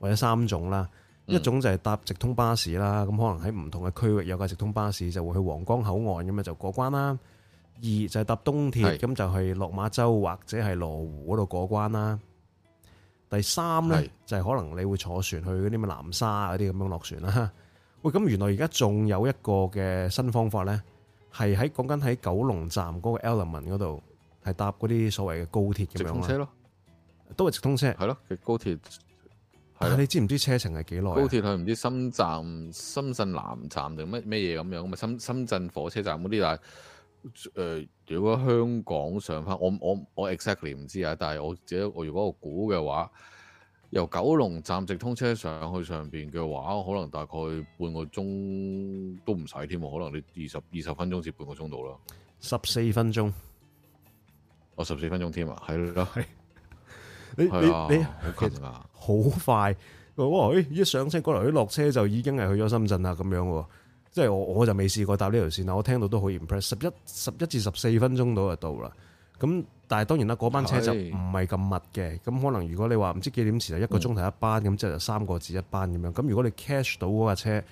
或者三種啦。一種就係搭直通巴士啦，咁可能喺唔同嘅區域有架直通巴士就會去皇崗口岸咁樣就過關啦。二就係搭東鐵，咁就係落馬洲或者係羅湖嗰度過關啦。第三呢就係可能你會坐船去嗰啲咩南沙嗰啲咁樣落船啦。喂，咁原來而家仲有一個嘅新方法呢。係喺講緊喺九龍站嗰個 Element 嗰度，係搭嗰啲所謂嘅高鐵咁直通車咯，都係直通車。係咯，高鐵係啊。你知唔知車程係幾耐？高鐵去唔知深圳、深圳南站定乜乜嘢咁樣咁啊？深深圳火車站嗰啲，但係誒、呃，如果香港上翻，我我我 exactly 唔知啊。但係我自己，我如果我估嘅話。由九龍站直通車上去上邊嘅話，可能大概半個鐘都唔使添喎，可能你二十二十分鐘至半個鐘度啦、哦，十四分鐘，我十四分鐘添啊，係咯係，你你你好近啊，好其實 快，哇！一上車過嚟，一落車就已經係去咗深圳啦，咁樣喎，即係我我就未試過搭呢條線啊，我聽到都好 impress，十一十一至十四分鐘度就到啦。咁，但係當然啦，嗰班車就唔係咁密嘅。咁是可能如果你話唔知幾點時啊，一個鐘頭一班咁，嗯、即係三個字一班咁樣。咁如果你 cash 到嗰架車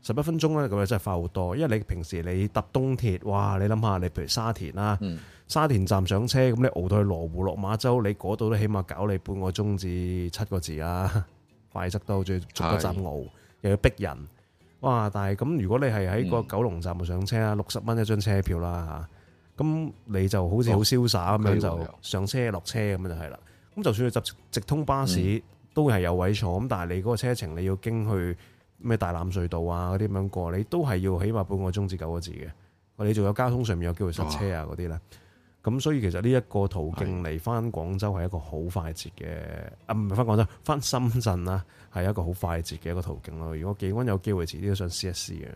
十一分鐘咧，咁啊真係快好多。因為你平時你搭東鐵，哇！你諗下，你譬如沙田啦，嗯、沙田站上車，咁你熬到去羅湖、落馬洲，你嗰度都起碼搞你半個鐘至七個字啦，啊，快則都最逐站熬，是又要逼人。哇！但係咁，如果你係喺個九龍站上車啊，六十蚊一張車票啦咁你就好似好瀟灑咁樣就上車落車咁就係啦。咁的就算你直通巴士、嗯、都係有位坐，咁但係你嗰個車程你要經去咩大欖隧道啊嗰啲咁樣過，你都係要起碼半個鐘至九個字嘅。你仲有交通上面有機會塞車啊嗰啲咧。咁、哦、所以其實呢一，的、啊、一,一個途徑嚟返廣州係一個好快捷嘅，啊唔係返廣州返深圳啦，係一個好快捷嘅一個途徑咯。如果幾溫有機會遲啲都想試一試嘅。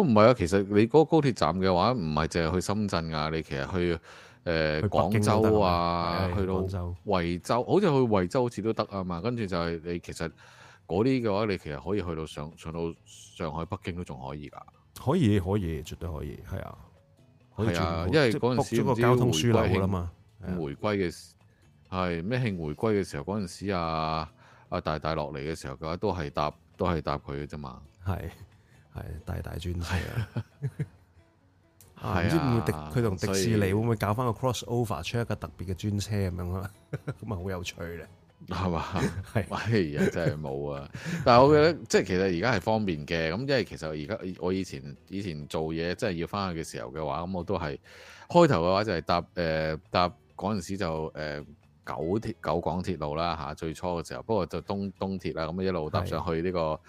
都唔係啊，其實你嗰個高鐵站嘅話，唔係淨係去深圳啊。你其實去誒廣州啊，去到惠州，好似去惠州好似都得啊嘛。跟住就係你其實嗰啲嘅話，你其實可以去到上上到上海、北京都仲可以噶。可以可以絕對可以，係啊，係啊，因為嗰陣時個交通樞紐啦嘛，回歸嘅係咩？慶回歸嘅時候，嗰陣時啊啊大大落嚟嘅時候，嘅話都係搭都係搭佢嘅啫嘛，係。係大大專係啊，唔知會迪佢同迪士尼會唔會搞翻個 cross over 出一架特別嘅專車咁樣啊？咁咪好有趣咧，係嘛？係啊，真係冇啊！但係我覺得即係其實而家係方便嘅，咁因為其實而家我以前以前做嘢真係要翻去嘅時候嘅話，咁我都係開頭嘅話就係搭誒搭嗰陣時就誒九鐵九廣鐵路啦吓，最初嘅時候，不過就東東鐵啦，咁一路搭上去呢個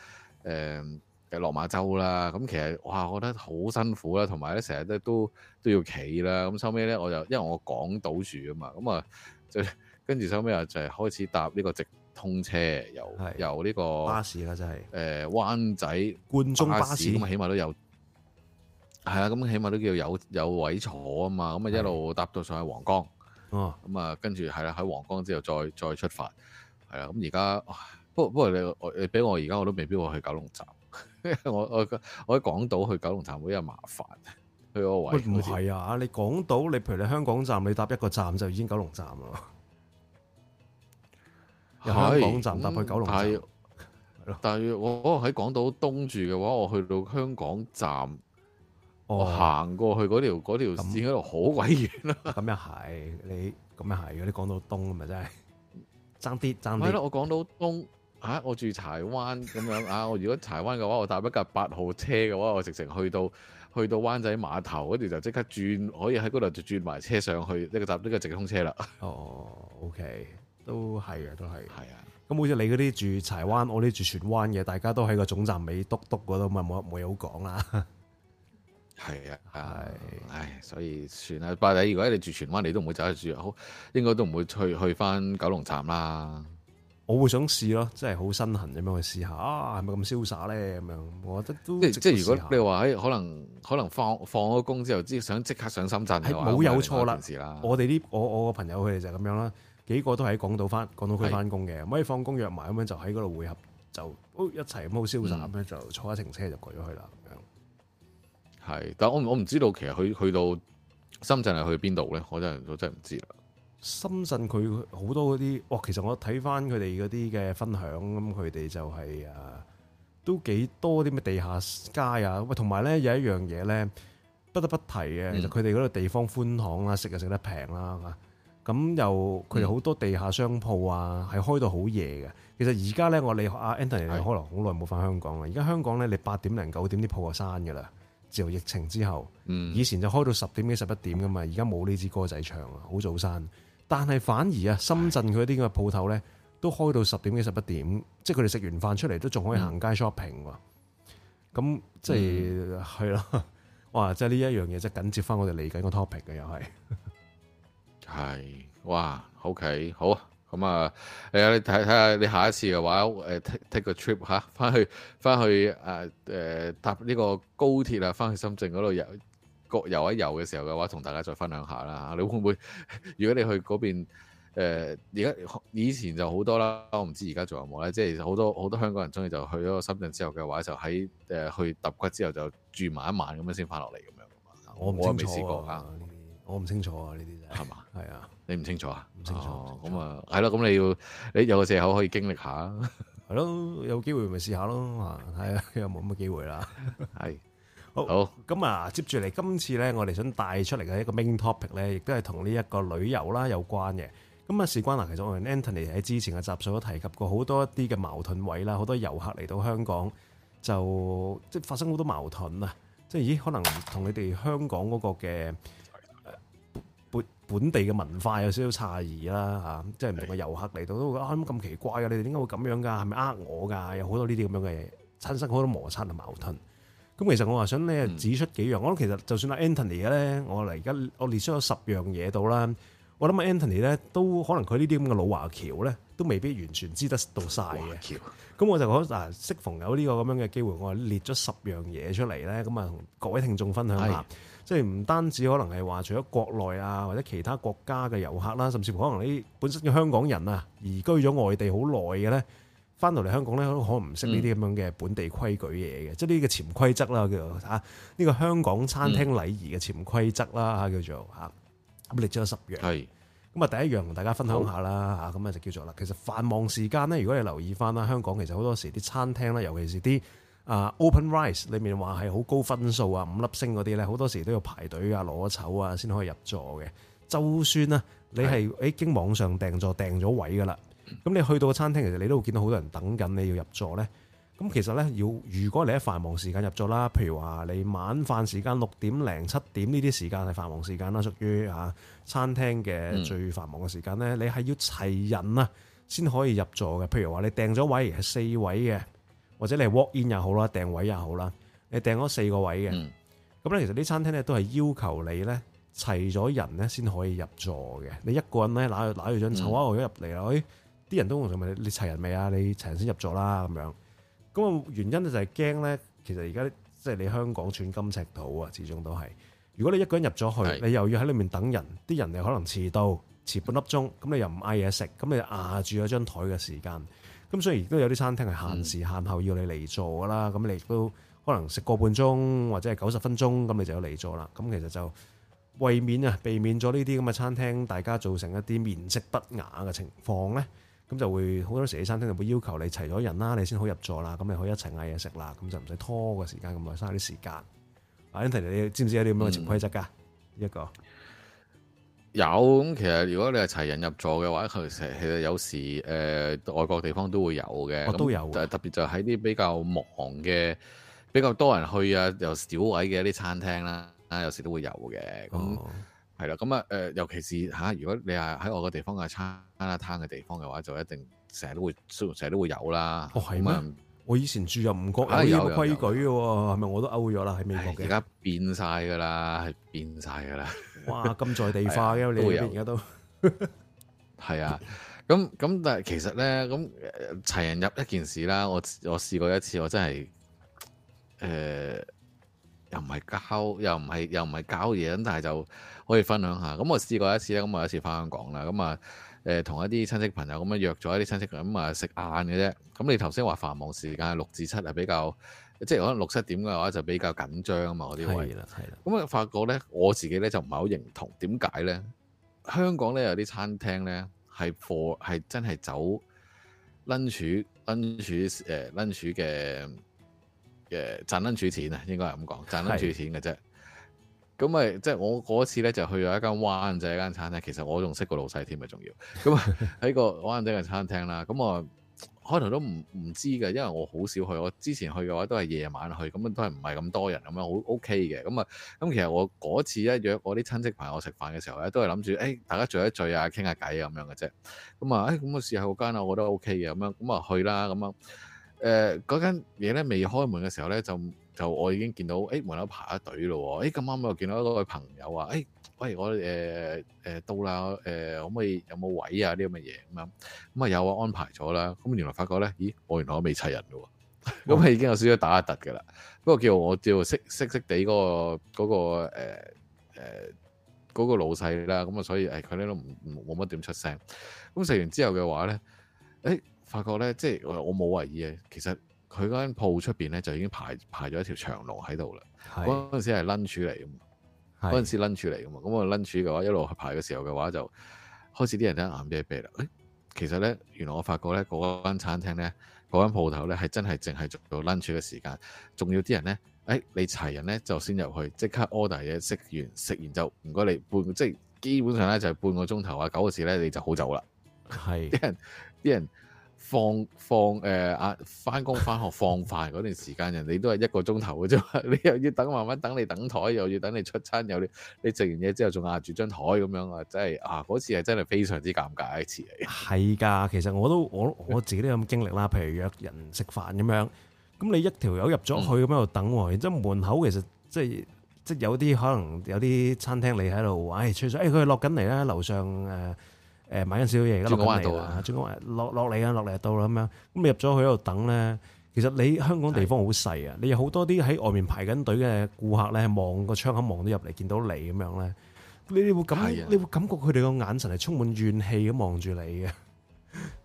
誒。就落馬洲啦，咁其實哇，我覺得好辛苦啦，同埋咧，成日都都都要企啦。咁收尾咧，我就因為我港島住啊嘛，咁啊，跟就跟住收尾啊，就係開始搭呢個直通車，由是由呢、呢個巴士啦，真係誒灣仔冠忠巴士咁士啊，起碼都有係啊。咁起碼都叫有有位坐啊嘛。咁啊，一路搭到上去皇崗咁、哦、啊，跟住係啦，喺皇崗之後再再出發係啊。咁而家不過不過你，你我你俾我而家我都未必會去九龍站。我我我喺港島去九龍站會有麻煩，去我位唔係啊！你港島，你譬如你香港站你搭一個站就已經九龍站啦，是香港站搭去九龍站，嗯、但係的我嗰個喺港島東住嘅話，我去到香港站，哦、我行過去嗰條嗰條線嗰度好鬼遠咯。咁又係，你咁又係，如果你港島東咪真係爭啲爭啲。係 咯，我港島東。嚇、啊！我住柴灣咁樣啊！我如果柴灣嘅話，我搭一架八號車嘅話，我直情去到去到灣仔碼頭嗰度就即刻轉，可以喺嗰度就轉埋車上去呢個站，一個直通車啦。哦，OK，都係嘅，都係。係啊，咁好似你嗰啲住柴灣，我呢住荃灣嘅，大家都喺個總站尾督篤嗰度，咪冇冇嘢好講啦。係 啊，係，唉，所以算啦。拜你，如果你住荃灣，你都唔會走去住，好應該都唔會去去返九龍站啦。我會想試咯，真係好身痕。咁樣去試下啊！係咪咁瀟灑咧？咁樣我覺得都即即係如果你話可能可能放放咗工之後，即想即刻上深圳，係冇有，有錯啦。我哋啲我我個朋友佢哋就係咁樣啦，幾個都喺港島翻港島區翻工嘅，可是以放工約埋咁樣就喺嗰度會合，就、哦、一齊咁好瀟灑咧，就坐一程車就過咗去啦。咁、嗯、樣係，但我我唔知道其實去去到深圳係去邊度咧？我真係我真係唔知啦。深圳佢好多嗰啲，哇！其實我睇翻佢哋嗰啲嘅分享，咁佢哋就係啊，都幾多啲咩地下街啊，喂！同埋咧有一樣嘢咧不得不提嘅，其實佢哋嗰度地方寬敞啦，食就食得平啦，咁又佢哋好多地下商鋪啊，係、嗯、開到好夜嘅。其實而家咧我哋阿 Anthony 可能好耐冇翻香港啦，而家是香港咧你八點零九點啲鋪就閂噶啦，自從疫情之後，嗯、以前就開到十點幾十一點噶嘛，而家冇呢支歌仔唱啊，好早閂。但係反而啊，深圳佢啲嘅鋪頭咧，是都開到十點幾十一點，即係佢哋食完飯出嚟都仲可以行街 shopping 喎。咁、嗯、即係係咯，哇！即係呢一樣嘢，即係緊接翻我哋嚟緊個 topic 嘅又係。係哇，OK 好、嗯、啊。咁啊，誒你睇睇下你下一次嘅話，誒、呃、take take 個 trip 吓、啊，翻去翻去誒誒、啊呃、搭呢個高鐵啊，翻去深圳嗰度入。各遊一遊嘅時候嘅話，同大家再分享下啦。你會唔會？如果你去嗰邊，呃、而家以前就好多啦。我唔知而家仲有冇咧。即係好多好多香港人中意就去咗深圳之後嘅話，就喺誒、呃、去揼骨之後就住埋一晚咁樣先翻落嚟咁樣嘅嘛。我我未試過啊，我唔清楚啊，呢啲係嘛？係啊，你唔清楚啊？唔清、啊、清楚。咁啊、oh，係咯。咁你要你有個借口可以經歷下。係咯，有機會咪試下咯。係、嗯、啊，又冇咁嘅機會啦。係。好，咁啊，接住嚟今次咧，我哋想帶出嚟嘅一個 main topic 咧，亦都係同呢一個旅遊啦有關嘅。咁啊，事關啊，其實我哋 Anthony 喺之前嘅集數都提及過好多一啲嘅矛盾位啦，好多遊客嚟到香港就即係發生好多矛盾啊！即係咦，可能同你哋香港嗰個嘅本本地嘅文化有少少差異啦嚇、啊，即係唔同嘅遊客嚟到都會覺得啊咁奇怪啊！你哋點解會咁樣噶？係咪呃我噶？有好多呢啲咁樣嘅嘢，產生好多摩擦同矛盾。咁其實我話想咧指出幾樣，嗯、我諗其實就算阿 Anthony 嘅咧，我嚟而家我列出咗十樣嘢到啦，我諗阿 Anthony 咧都可能佢呢啲咁嘅老華僑咧，都未必完全知得到晒嘅。咁我就覺得嗱、啊，適逢有呢個咁樣嘅機會，我係列咗十樣嘢出嚟咧，咁啊同各位聽眾分享下，是即係唔單止可能係話，除咗國內啊，或者其他國家嘅遊客啦、啊，甚至乎可能你本身嘅香港人啊，移居咗外地好耐嘅咧。翻到嚟香港咧，都可能唔識呢啲咁樣嘅本地規矩嘢嘅，嗯嗯，即係呢個潛規則啦，叫做啊，呢個香港餐廳禮儀嘅潛規則啦，嚇叫做嚇，咁嚟咗十樣。係咁啊，第一樣同大家分享下啦，嚇咁啊就叫做啦，其實繁忙時間咧，如果你留意翻啦，香港其實好多時啲餐廳咧，尤其是啲啊 OpenRice 裏面話係好高分數啊，五粒星嗰啲咧，好多時都要排隊啊攞籌啊先可以入座嘅。就算咧，你係誒經網上訂座訂咗位噶啦。咁你去到個餐廳，其實你都會見到好多人等緊你要入座咧。咁其實咧，要如果你喺繁忙時間入座啦，譬如話你晚飯時間六點零七點呢啲時間係繁忙時間啦，屬於啊餐廳嘅最繁忙嘅時間咧，你係要齊人啊先可以入座嘅。譬如話你訂咗位係四位嘅，或者你係 walk in 又好啦，訂位又好啦，你訂咗四個位嘅，咁咧其實啲餐廳咧都係要求你咧齊咗人咧先可以入座嘅。你一個人咧攋攋住張籌入嚟啊！啲人都問你：你齊人未啊？你齊人先入座啦。咁樣咁啊，原因咧就係驚咧。其實而家即係你香港寸金尺土啊，始終都係。如果你一個人入咗去，你又要喺裏面等人，啲人又可能遲到，遲半粒鐘，咁你又唔嗌嘢食，咁你壓住咗張台嘅時間。咁所以亦都有啲餐廳係限時限後要你嚟坐噶啦，咁你亦都可能食個半鐘或者係九十分鐘，咁你就要嚟坐啦。咁其實就為免啊，避免咗呢啲咁嘅餐廳，大家造成一啲面色不雅嘅情況咧。咁就會好多時啲餐廳就會要求你齊咗人啦、啊，你先好入座啦，咁你可以一齊嗌嘢食啦，咁就唔使拖個時間咁耐。嘥啲時間。Andy，你知唔知有啲咁樣嘅潛規則㗎？一、嗯這個有咁其實如果你係齊人入座嘅話，其實有時誒、呃、外國地方都會有嘅，哦、那都有、啊。特別就喺啲比較忙嘅比較多人去啊，又少位嘅一啲餐廳啦，有時都會有嘅。係啦，咁啊，誒，尤其是嚇、啊，如果你係喺我國地方嘅餐啊攤嘅、啊、地方嘅話，就一定成日都會，成日都會有啦。哦，係咩？果我以前住又唔覺，有呢個規矩嘅喎，係咪我都歐咗啦？喺美國嘅。而家變晒㗎啦，係變晒㗎啦。哇！咁在地化嘅，你 會有而家都、嗯。係 啊，咁咁，但係其實咧，咁齊人入一件事啦，我我試過一次，我真係誒。呃又唔係交，又唔係又唔係交嘢咁，但係就可以分享下。咁我試過一次咧，咁我有一次翻香港啦，咁啊誒同一啲親戚朋友咁樣約咗一啲親戚咁啊食晏嘅啫。咁你頭先話繁忙時間六至七係比較，即係可能六七點嘅話就比較緊張啊嘛嗰啲位。係啦，係。咁我發覺咧，我自己咧就唔係好認同。點解咧？香港咧有啲餐廳咧係貨係真係走 lunch lunch 誒 lunch 嘅。誒賺得儲錢啊，應該係咁講，賺得儲錢嘅啫。咁咪即係我嗰次咧就去咗一間灣仔一間餐廳，其實我仲識個老細添啊，仲要。咁啊喺個灣仔嘅餐廳啦，咁我開頭都唔唔知嘅，因為我好少去，我之前去嘅話都係夜晚去，咁啊都係唔係咁多人咁樣，好 OK 嘅。咁啊咁其實我嗰次一約我啲親戚朋友食飯嘅時候咧，都係諗住誒大家聚一聚啊，傾下偈啊咁樣嘅啫。咁啊誒咁啊試下嗰間啊，我覺得 OK 嘅咁樣，咁啊去啦咁樣。誒嗰、呃、間嘢咧未開門嘅時候咧，就就我已經見到，誒、欸、門口排咗隊咯喎，咁、欸、啱又見到一個朋友話，誒、欸、喂我誒誒、呃呃、到啦，誒、呃、可唔可以有冇位啊？啲咁嘅嘢咁樣，咁啊有啊安排咗啦，咁原來發覺咧，咦我原來我未齊人嘅喎，咁啊已經有少少打一突嘅啦。嗯、不過叫我叫我識,識識識地嗰個嗰、嗰個嗰個呃嗰個老細啦，咁啊所以誒佢咧都唔冇乜點出聲。咁食完之後嘅話咧，誒、欸。欸發覺咧，即係我冇為意啊！其實佢嗰間鋪出邊咧就已經排排咗一條長龍喺度啦。嗰陣時係 lunch 嚟啊嘛，嗰陣時 lunch 嚟啊嘛。咁我 lunch 嘅話，一路去排嘅時候嘅話就開始啲人咧眼啤啤啦。誒，其實咧原來我發覺咧嗰間餐廳咧，嗰間鋪頭咧係真係淨係做 lunch 嘅時間。仲要啲人咧誒，你齊人咧就先入去，即刻 order 嘢食完食完就唔該你半，即係基本上咧就係半個鐘頭啊九個字咧，你就好走啦。係啲人啲人。放放誒啊！翻工翻學放飯嗰段時間，人哋都係一個鐘頭嘅啫。你又要等慢慢等，等你等台，又要等你出餐，又你你食完嘢之後仲壓住張台咁樣啊！真係啊，嗰次係真係非常之尷尬一次嚟。係㗎， 其實我都我我自己都有咁經歷啦。譬如約人食飯咁樣，咁你一條友入咗去咁喺度等，然之後門口其實即係即係有啲可能有啲餐廳你喺度，唉、哎，出咗，誒佢落緊嚟啦，樓上誒。呃誒買緊少少嘢，而家落緊嚟啦！總共落落嚟啦，落嚟到啦咁樣，咁你入咗去喺度等咧，其實你香港地方好細啊！你有好多啲喺外面排緊隊嘅顧客咧，望個窗口望到入嚟，見到你咁樣咧，你你會感你會感覺佢哋個眼神係充滿怨氣咁望住你嘅，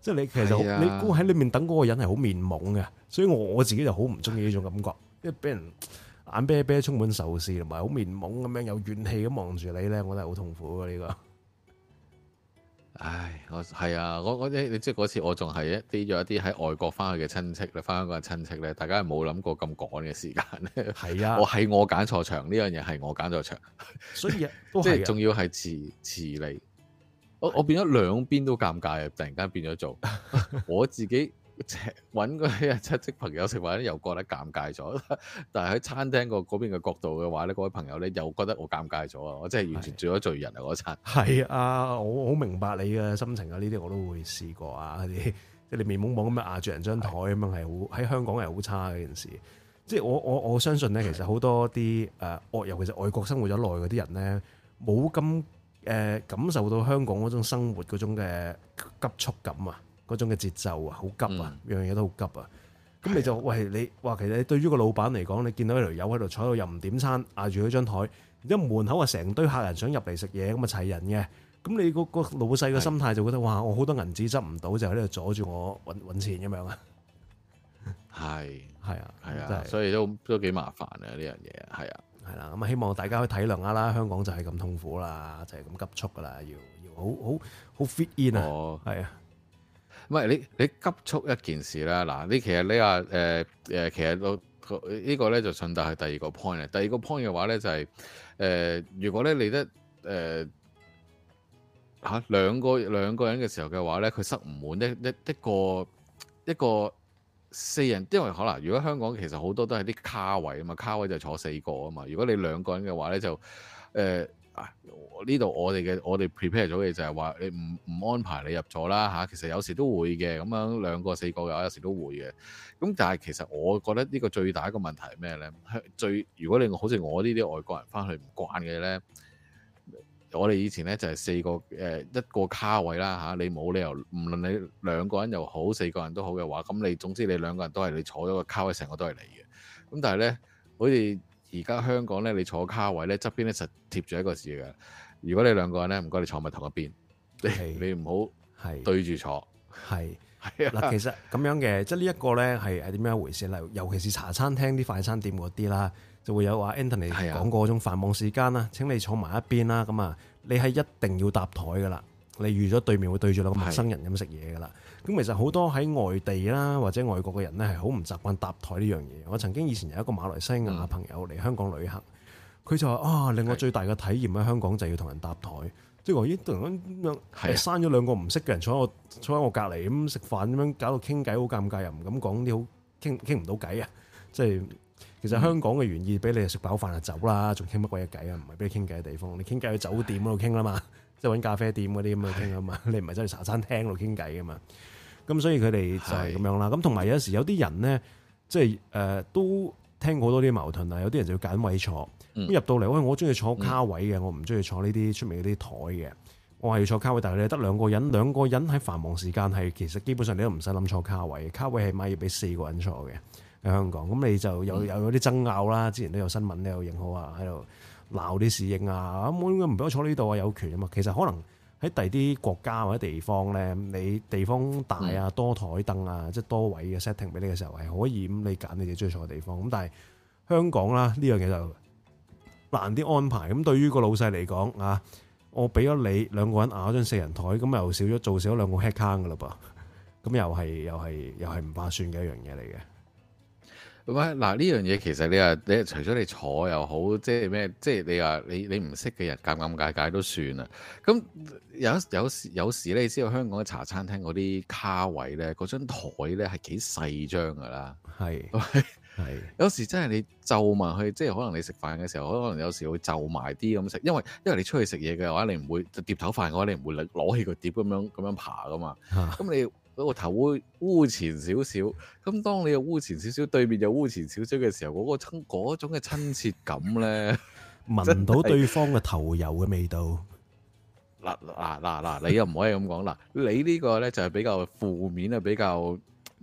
即係你其實你估喺裏面等嗰個人係好面懵嘅，所以我我自己就好唔中意呢種感覺，即係俾人眼啤啤充滿仇視同埋好面懵咁樣有怨氣咁望住你咧，我覺得好痛苦嘅呢個。唉，我係啊，我我你即係嗰次我仲係一啲咗一啲喺外國翻去嘅親戚咧，翻香港嘅親戚咧，大家係冇諗過咁趕嘅時間咧。係啊， 我係我揀錯場呢樣嘢係我揀錯場， 所以都、啊、即係仲要係遲遲嚟，我我變咗兩邊都尷尬，突然間變咗做 我自己。即係揾嗰啲啊七夕朋友食，或者又覺得尷尬咗。但係喺餐廳個嗰邊嘅角度嘅話咧，嗰位朋友咧又覺得我尷尬咗是啊！我真係完全做咗罪人啊！嗰餐係啊，我好明白你嘅心情啊！呢啲我都會試過啊！啲即係你面懵懵咁樣壓住人張枱咁樣，係好喺香港係好差嘅件事。即係我我我相信咧，其實好多啲誒外，的尤其是外國生活咗耐嗰啲人咧，冇咁誒感受到香港嗰種生活嗰種嘅急促感啊！嗰種嘅節奏啊，好急啊，樣樣嘢都好急啊。咁的你就喂你話，其實對於個老闆嚟講，你見到一條友喺度坐到又唔點餐，壓住嗰張台，然之後門口啊成堆客人想入嚟食嘢，咁啊齊人嘅。咁你個老細嘅心態就覺得，哇是！我好多銀紙執唔到，就喺度阻住我揾錢咁樣啊。係係啊係啊，所以都都幾麻煩啊呢樣嘢，係啊。係啦，咁希望大家可以體諒下啦，香港就係咁痛苦啦，就係、是、咁急促噶啦，要要好好 fit in 啊，係啊。唔係你你急促一件事啦，嗱你其實你話誒誒，其實都呢個咧就順帶係第二個 point 啊。第二個 point 嘅話咧就係、係、誒、呃，如果咧你得誒嚇兩個兩個人嘅時候嘅話咧，佢塞唔滿一一一個一個四人，因為可能如果香港其實好多都係啲卡位啊嘛，卡位就坐四個啊嘛。如果你兩個人嘅話咧就誒。呃呢度、啊、我哋嘅我哋 prepare 咗嘅就係話，你唔唔安排你入座啦吓、啊。其實有時都會嘅，咁樣兩個四個嘅，我有時都會嘅。咁但係其實我覺得呢個最大一個問題係咩咧？最如果你好似我呢啲外國人翻去唔慣嘅咧，我哋以前咧就係、是、四個誒、呃、一個卡位啦吓、啊。你冇理由，無論你兩個人又好，四個人都好嘅話，咁你總之你兩個人都係你坐咗個卡位，成個都係你嘅。咁但係咧，好似。而家香港咧，你坐卡位咧側邊咧實貼住一個字嘅。如果你兩個人咧，唔該你坐埋同一邊，是你唔好對住坐。係係啊，嗱， 其實咁樣嘅，即係呢一個咧係係點樣一回事？例如尤其是茶餐廳啲快餐店嗰啲啦，就會有話 Anthony 講過嗰種繁忙時間啦。請你坐埋一邊啦。咁啊，你係一定要搭台噶啦。你預咗對面會對住兩個陌生人咁食嘢噶啦。咁其實好多喺外地啦，或者外國嘅人咧，係好唔習慣搭台呢樣嘢。我曾經以前有一個馬來西亞朋友嚟香港旅行，佢、嗯、就話：啊，令我最大嘅體驗喺香港就係要同人搭台，即係話，咦，突然間係生咗兩個唔識嘅人坐喺我坐喺我隔離咁食飯，咁樣搞到傾偈好尷尬，又唔敢講啲好傾傾唔到偈啊！即係其實香港嘅原意俾你食飽飯就走啦，仲傾乜鬼嘅偈啊？唔係俾你傾偈嘅地方，你傾偈去酒店嗰度傾啦嘛，即係揾咖啡店嗰啲咁樣傾啊嘛，嗯、 你唔係走去茶餐廳嗰度傾偈噶嘛。咁所以佢哋就係咁樣啦。咁同埋有時有啲人咧，即係誒、呃、都聽好多啲矛盾啊。有啲人就要揀位坐。咁入到嚟，我我中意坐卡位嘅，我唔中意坐呢啲出面嗰啲台嘅。我係要坐卡位，但係你得兩個人，兩個人喺繁忙時間係其實基本上你都唔使諗坐卡位。卡位係咪要俾四個人坐嘅喺香港？咁你就有、嗯、有啲爭拗啦。之前都有新聞，你有影好話喺度鬧啲侍應啊，我應該唔俾我坐呢度啊，有權啊嘛。其實可能。喺第啲國家或者地方咧，你地方大啊，多台凳啊，即係多位嘅 setting 俾你嘅時候係可以咁，你揀你哋中意坐嘅地方。咁但係香港啦，呢樣嘢就難啲安排。咁對於個老細嚟講啊，我俾咗你兩個人咬一張四人台，咁又少咗做少咗兩個 head count 噶啦噃，咁又係又係又係唔劃算嘅一樣嘢嚟嘅。喂，嗱呢樣嘢其實你話你除咗你坐又好，即係咩？即係你話你你唔識嘅人尷尷尬尬都算啊。咁有有，有時有時咧，你知道香港嘅茶餐廳嗰啲卡位咧，嗰張台咧係幾細張㗎啦。係係，有時真係你就埋去，即係可能你食飯嘅時候，可能有時會就埋啲咁食。因為因為你出去食嘢嘅話，你唔會就碟頭飯嘅話，你唔會攞起個碟咁樣咁樣爬㗎嘛。咁、啊、你嗰個頭烏烏前少少，咁當你又污前少少，對面又污前少少嘅時候，嗰、嗰個親嗰種嘅親切感咧，聞到對方嘅頭油嘅味道。 嗱嗱嗱嗱，你又唔可以咁講嗱，你呢個咧就係比較負面咧，比較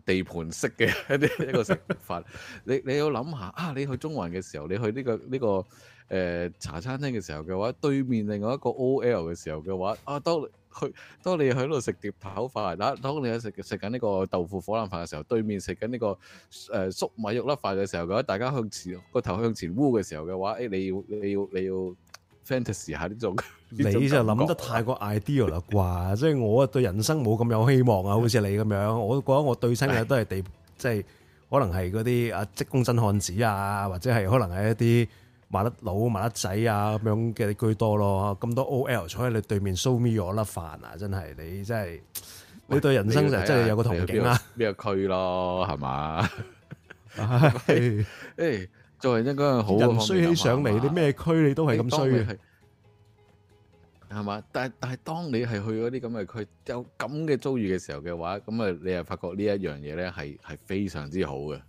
地盤式嘅一啲一個食法。 你你要諗下啊，你去中環嘅時候，你去呢、呢個呢、呢個誒、呃、茶餐廳嘅時候嘅話，對面另外一個 OL 嘅時候嘅話，啊當去當你喺度食碟頭飯，嗱、啊、當你喺食食緊呢個豆腐火腩飯嘅時候，對面食緊呢個誒、呃、粟米肉粒飯嘅時候嘅話，大家向前個頭向前烏嘅時候嘅話，誒你要你要你要。你要你要你要 fantasy 下呢種，你就諗得太過 ideal 啦啩，即係我對人生冇咁有希望啊，好似你咁樣，我都覺得我對身嘅都係地，即係可能係嗰啲啊職工真漢子啊，或者係可能係一啲麻甩佬、麻甩仔啊咁樣嘅居多咯。咁多 OL 坐喺你對面 show me your lunch 飯啊，真係你真係你對人生就真係有個憧憬啦。呢個區咯，係嘛？哎。就係呢個係好咁衰起上嚟，你咩區你都係咁衰嘅，係嘛？但係但係，當你係去嗰啲咁嘅區有咁嘅遭遇嘅時候嘅話，咁啊你又發覺呢一樣嘢咧係係非常之好嘅，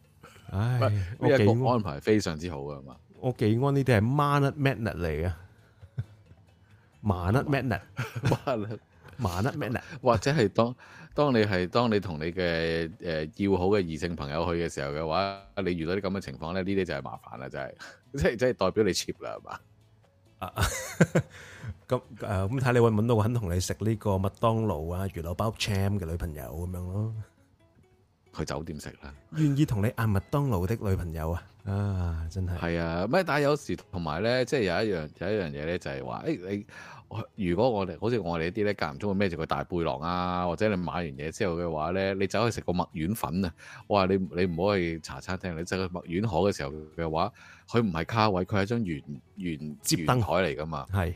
唉呢一個安排非常之好嘅係嘛？我幾安呢啲係馬粒 magnet 嚟嘅，馬粒 magnet。萬一或者係當當你係當你同你嘅誒、呃、要好嘅異性朋友去嘅時候嘅話，你遇到啲咁嘅情況咧，呢啲就係麻煩啦，就係，即係即係代表你 cheap 啦，係嘛？啊，咁 誒、嗯，咁睇你搵唔到肯同你食呢個麥當勞啊，魚柳包 cha 嘅女朋友咁樣咯，去酒店食啦。願意同你嗌麥當勞的女朋友啊？啊，真係。係啊，咩？但係有時同埋咧，即係有一樣有一樣嘢咧、就是，就係話，誒，你。如果我哋好似我哋一啲咧，間唔中會孭住個大背囊啊，或者你買完嘢之後嘅話咧，你走去食個墨丸粉啊，哇！你你唔好去茶餐廳，你走去墨丸河嘅時候嘅話，佢唔係卡位，佢係張圓圓摺凳台嚟㗎嘛。係是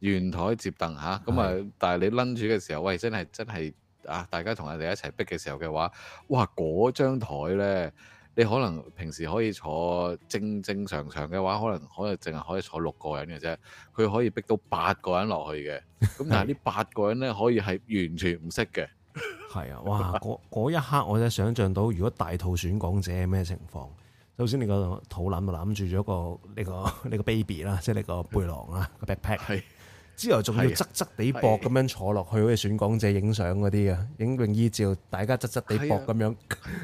圓台摺凳吓，咁啊！但係你拎住嘅時候，喂，真係真係啊！大家同人哋一齊逼嘅時候嘅話，哇！嗰張台咧～你可能平時可以坐正正常常嘅話，可能可能淨係可以坐六個人嘅啫。佢可以逼到八個人落去嘅。咁但係呢八個人咧，可以係完全唔識嘅。係 啊，哇！嗰 一刻，我真係想象到，如果大肚選港者係咩情況？首先你，你、你個肚腩就攬住咗個呢個呢個 baby 啦，即係呢個背囊啦，個 backpack。之後仲要側側地駁咁樣坐落去，好似選港姐影相嗰啲嘅，影泳衣照，大家側側地駁咁樣，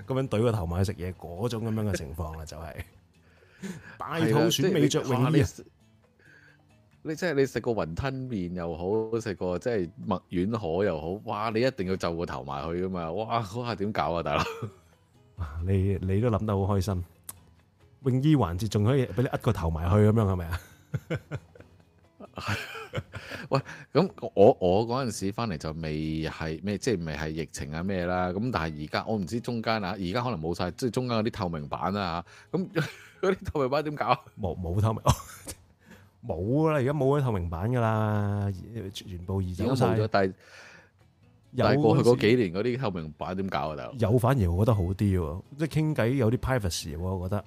咁樣懟個頭埋去食嘢嗰種咁樣嘅情況啦，就係大套選美着泳衣，你即係你食個雲吞麵又好，食個即係墨丸河又好，哇！你一定要就個頭埋去噶嘛，哇！嗰下點搞啊，大佬？你你都諗得好開心，泳衣環節仲可以俾你呃個頭埋去咁樣係咪啊？係，喂，咁我我嗰陣時翻嚟就未係咩，即係未係疫情啊咩啦，咁但係而家我唔知中間啊，而家可能冇晒，即係中間嗰啲透明板啊，咁嗰啲透明板點搞？冇冇透明，冇啦，而家冇咗嗰啲透明板噶啦，全部移走晒。但係過去嗰幾年嗰啲透明板點搞啊？有，反而我覺得好啲喎，即係傾偈有啲 privacy，我覺得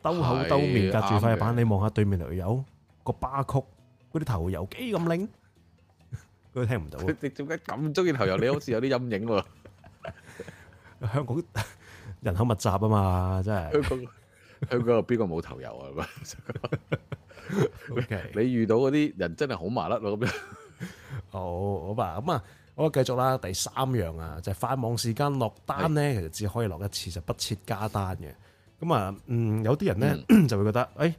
兜口兜面隔住塊板，你望下對面嚟有。個巴曲嗰啲頭油幾咁靈，佢 都聽唔到。你點解咁中意頭油？你好似有啲陰影喎。 香港人口密集啊嘛，真係。香港香港邊個冇頭油啊？ Okay. 你遇到嗰啲人真係、啊、 好麻甩咯咁樣。好好吧，咁、嗯、啊，我繼續啦。第三樣啊，就繁、是、忙時間落單咧，是其實只可以落一次，就不設加單嘅。咁啊，嗯，有啲人咧、嗯、 就會覺得，誒、欸。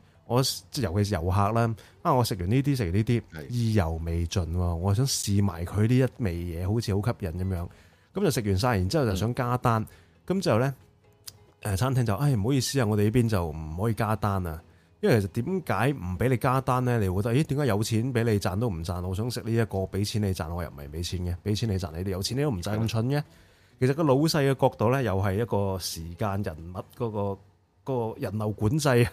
即係尤其是遊客啦，啊！我食完呢啲，食完呢啲，的意猶未盡我想試埋佢呢一味嘢，好似好吸引咁樣。咁就食完晒，然之後就想加單。咁之、嗯、後咧，誒餐廳就唉，唔、哎、好意思啊，我哋呢邊就唔可以加單啊。因為其實點解唔俾你加單咧？你會覺得咦？點解有錢俾你賺都唔賺？我想食呢一個，俾錢你賺，我又唔係俾錢嘅。俾錢你賺，你哋有錢你都唔賺咁蠢嘅。的其實個老細嘅角度咧，又係一個時間、人物嗰、那個嗰、那個人流管制。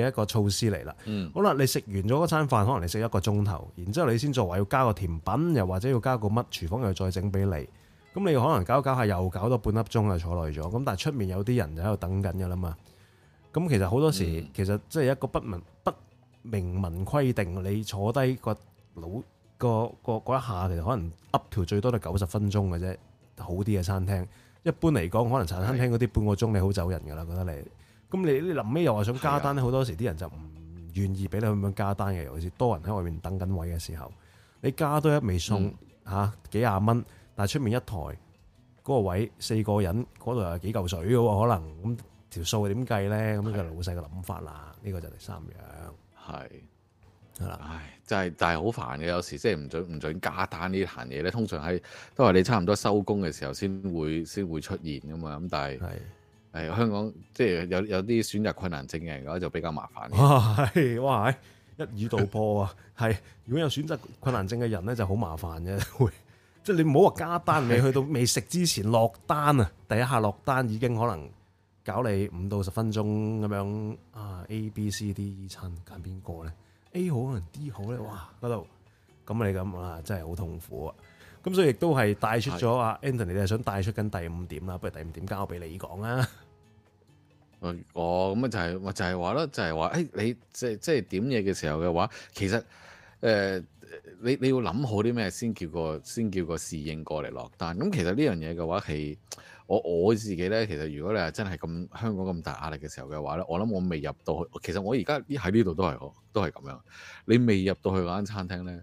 嘅一個措施嚟啦，嗯、好啦，你食完咗嗰餐飯，可能你食一個鐘頭，然之後你先作為要加個甜品，又或者要加個乜，廚房又再整俾你，咁你可能搞搞下，又搞到半粒鐘啊，坐耐咗。咁但係出面有啲人就喺度等緊㗎啦嘛。咁其實好多時，嗯、其實即係一個不明不明文規定，你坐低個腦個嗰一下，其實可能 up to 最多都九十分鐘嘅啫。好啲嘅餐廳，一般嚟講，可能茶餐廳嗰啲半個鐘是你好走人㗎啦。覺得你。咁你你臨尾又話想加單好的多時啲人就唔願意俾你咁樣加單嘅。尤其是多人喺外面等緊位嘅時候，你加多一味餸，嚇、嗯啊、幾廿蚊，但係出面一台嗰、嗰個位四個人嗰度有幾嚿水喎，可能咁條數點計咧？咁呢個老細嘅諗法啦。呢的個就第三樣係係啦，的的唉，真係真係好煩嘅。有時即係唔準唔準加單呢啲閒嘢咧，通常係都係你差唔多收工嘅時候先會先會出現㗎嘛。咁但係係。係香港，即係有有啲選擇困難症嘅人嘅話，就比較麻煩，啊，哇，一語道破啊！係， 如果有選擇困難症嘅人咧，就好麻煩嘅，會即係你唔好話加單， 你去到未食之前落單啊，第一下落單已經可能搞你五到十分鐘咁樣啊，A、B、C、D 依餐揀邊個咧？A 好，可能 D 好咧，哇，嗰度咁你咁啊，真係好痛苦啊！咁所以亦都係帶出咗啊是，Anthony，你係想帶出緊第五點啦，不如第五點交俾你講啊！我，咁啊、哦、就係，我就係話咯，就係、是、話，誒、就是、你即係即係點嘢嘅時候嘅話，其實誒、呃、你你要諗好啲咩先，叫個先叫個侍應過嚟落單。咁、嗯、其實呢樣嘢嘅話係我我自己咧，其實如果你係真係咁香港咁大壓力嘅時候嘅話咧，我諗我未入到去。其實我而家喺呢度都係，都係咁樣。你未入到去嗰間餐廳咧？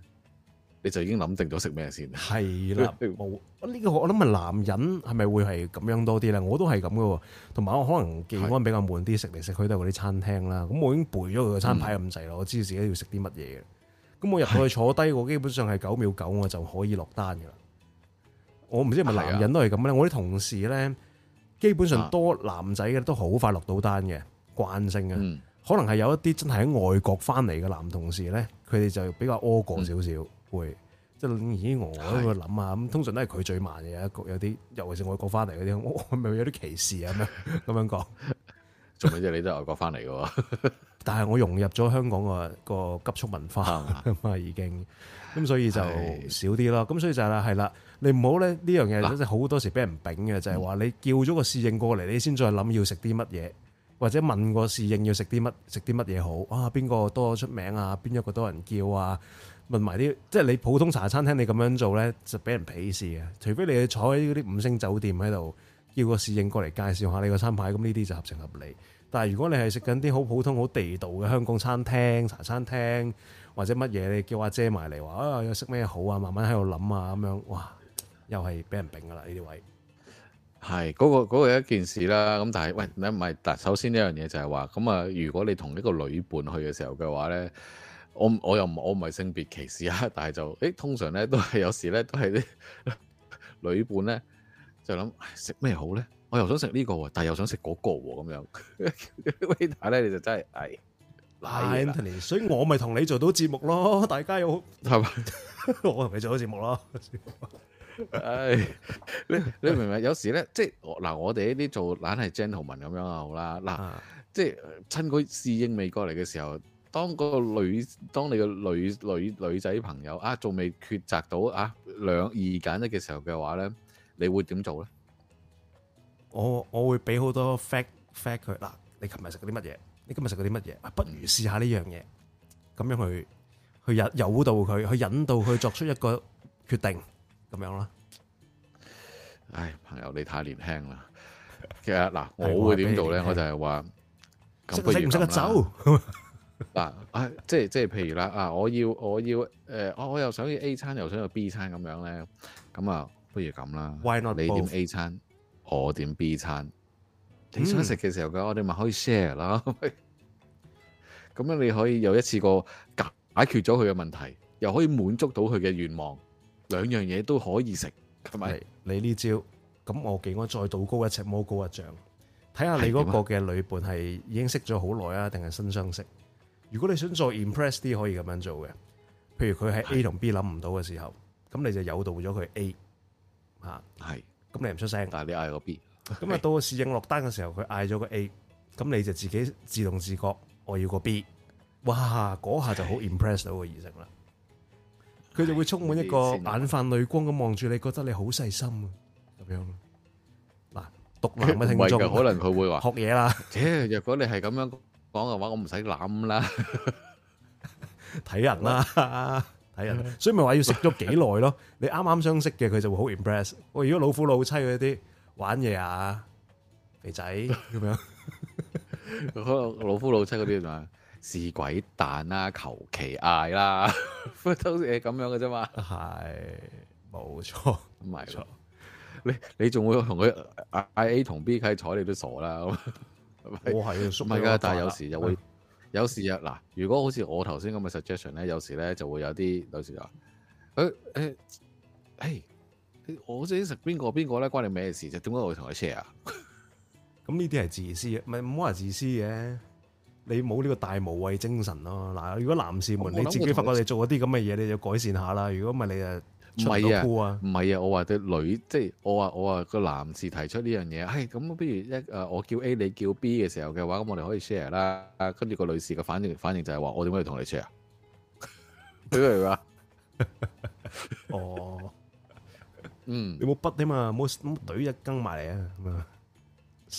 你就已經諗定咗食咩先？係啦，如呢、呢個，我諗係男人係咪會係咁樣多啲咧？我都係咁噶喎。同埋我可能記安比較悶啲，食嚟食去都係嗰啲餐廳啦。咁我已經背咗佢個餐牌咁滯咯，嗯、我知自己要食啲乜嘢。咁我入去坐低，的我基本上係九秒九，我就可以落單噶啦。我唔知係咪男人都係咁咧。啊、我啲同事咧，基本上多男仔嘅都好快落到單嘅，慣性啊。嗯、可能係有一啲真係喺外國翻嚟嘅男同事咧，佢哋就比較屙過少少。嗯咦會即係而我喺度諗啊，咁通常都係佢最慢嘅，有一個有啲，尤其是外國翻嚟嗰啲，我咪有啲歧視啊咁樣咁樣講。做乜啫？你都外國翻嚟嘅， 但係我融入咗香港個個急速文化咁啊，的已經咁，所以就少啲咯。咁的所以就係、是、啦，係啦，你唔好咧呢樣嘢，真係好多時俾人丙嘅，就係、是、話你叫咗個侍應過嚟，你先再諗要食啲乜嘢，或者問個侍應要食啲乜食啲乜嘢好啊？邊個多出名啊？邊一個多人叫啊？問埋啲，即係你普通茶餐廳，你咁樣做呢，就俾人鄙視嘅。除非你去坐喺嗰啲五星酒店喺度，叫個侍應過嚟介紹下你個餐牌，咁呢啲就合情合理。但係如果你係食緊啲好普通、好地道嘅香港餐廳、茶餐廳或者乜嘢，你叫阿姐埋嚟話啊，有食咩好啊，慢慢喺度諗啊，咁樣，哇，又係俾人病㗎啦呢啲位。係嗰個嗰個一件事啦。咁但係喂，你唔係，但首先呢樣嘢就係話，咁啊，如果你同呢個女伴去嘅時候嘅話呢。我我又我唔係性別歧視啊，但係就誒通常咧都係有時咧都係啲女伴咧就諗食咩好咧？我又想食呢個，但係又想食嗰個咁樣。咧，你就真係係，哎、Anthony，所以我咪同你做到節目咯。大家又係吧 我同你做到節目啦。係你，你明唔明有時咧，即係嗱，我哋呢啲做樣就好，懶係 gentleman 咁樣啊，好啦，嗱即係趁佢侍應未過嚟嘅時候。當個女，當你個女女女仔朋友啊，仲未抉擇到啊兩二揀一嘅時候嘅話咧，你會點做咧？我我會俾好多 fact fact 佢嗱，你琴日食咗啲乜嘢？你今日食咗啲乜嘢？不如試下呢樣嘢，咁、嗯、樣去去引誘導佢，去引導佢作出一個決定，咁樣啦。唉、哎，朋友你太年輕啦。其實嗱，我會點做咧？我就係話，唔食唔食個酒。 嗱， 啊，即係即係，譬如啦，啊，我要我要誒，我、呃、我又想要 A 餐，又想要 B 餐咁樣咧，咁啊，不如咁啦，not 你點 A 餐，我點 B 餐，你、嗯、想食嘅時候嘅，我哋咪可以 share 啦。咁樣你可以有一次過解解決咗佢嘅問題，又可以滿足到佢嘅願望，兩樣嘢都可以食，同埋 你呢招咁，我幾我再道高一尺，魔高一丈，睇下你嗰個嘅女伴係已經識咗好耐啊，定係新相識？嗎 如果你想再 impress 啲，可以咁樣做嘅，譬如佢喺 A 同 B 諗唔到嘅時候，咁你就誘導咗佢 A，吓，係，咁你唔出聲，但你嗌個 B，咁啊到個侍應落單嘅時候，佢嗌咗個 A，咁你就自己自動自覺，我要個 B，哇，嗰下就好 impress 到個異性啦，佢就會充滿一個眼泛淚光咁望住你，覺得你好細心啊，咁樣，嗱，獨男嘅聽眾可能佢會話學嘢啦，若果你係咁樣。講嘅話我唔使諗啦，睇 人啦、啊，睇人、啊， 所以咪話要食咗幾耐咯。 你啱啱相識嘅佢就會好 impress。喂，如果老夫老妻嗰啲玩嘢啊，肥仔咁樣，可 能 老夫老妻嗰啲係嘛？是鬼蛋、啊、啦，求其嗌啦，都係咁樣嘅啫嘛。係，冇錯 錯，唔係錯。你你仲會同佢嗌 A 同 B 睬，你，你都傻啦。 我係啊，唔係噶，但係有，的有，有時就會有，有時啊，嗱、欸，如果好似我頭先咁嘅 suggestion 咧，有時咧就會有啲女士話，誒誒誒，我想食邊個邊個咧，關你咩事？就點解我會同佢 share？咁呢啲係自私嘅，唔係唔好話自私嘅，你冇呢個大無畏精神咯。嗱，如果男士們你自己發覺你做嗰啲咁嘅嘢，你就改善下啦。如果唔係你誒。唔係啊，唔係啊，啊，我話對女，即係我話我話個男士提出呢樣嘢，係咁，不如一誒，我叫 A，你叫 B 嘅時候嘅話，咁我哋可以 share 啦。跟住個女士嘅反應反應就係話，我點解要同你 share？比如話，哦， 嗯，你冇筆啊嘛，冇冇隊一更埋嚟啊嘛。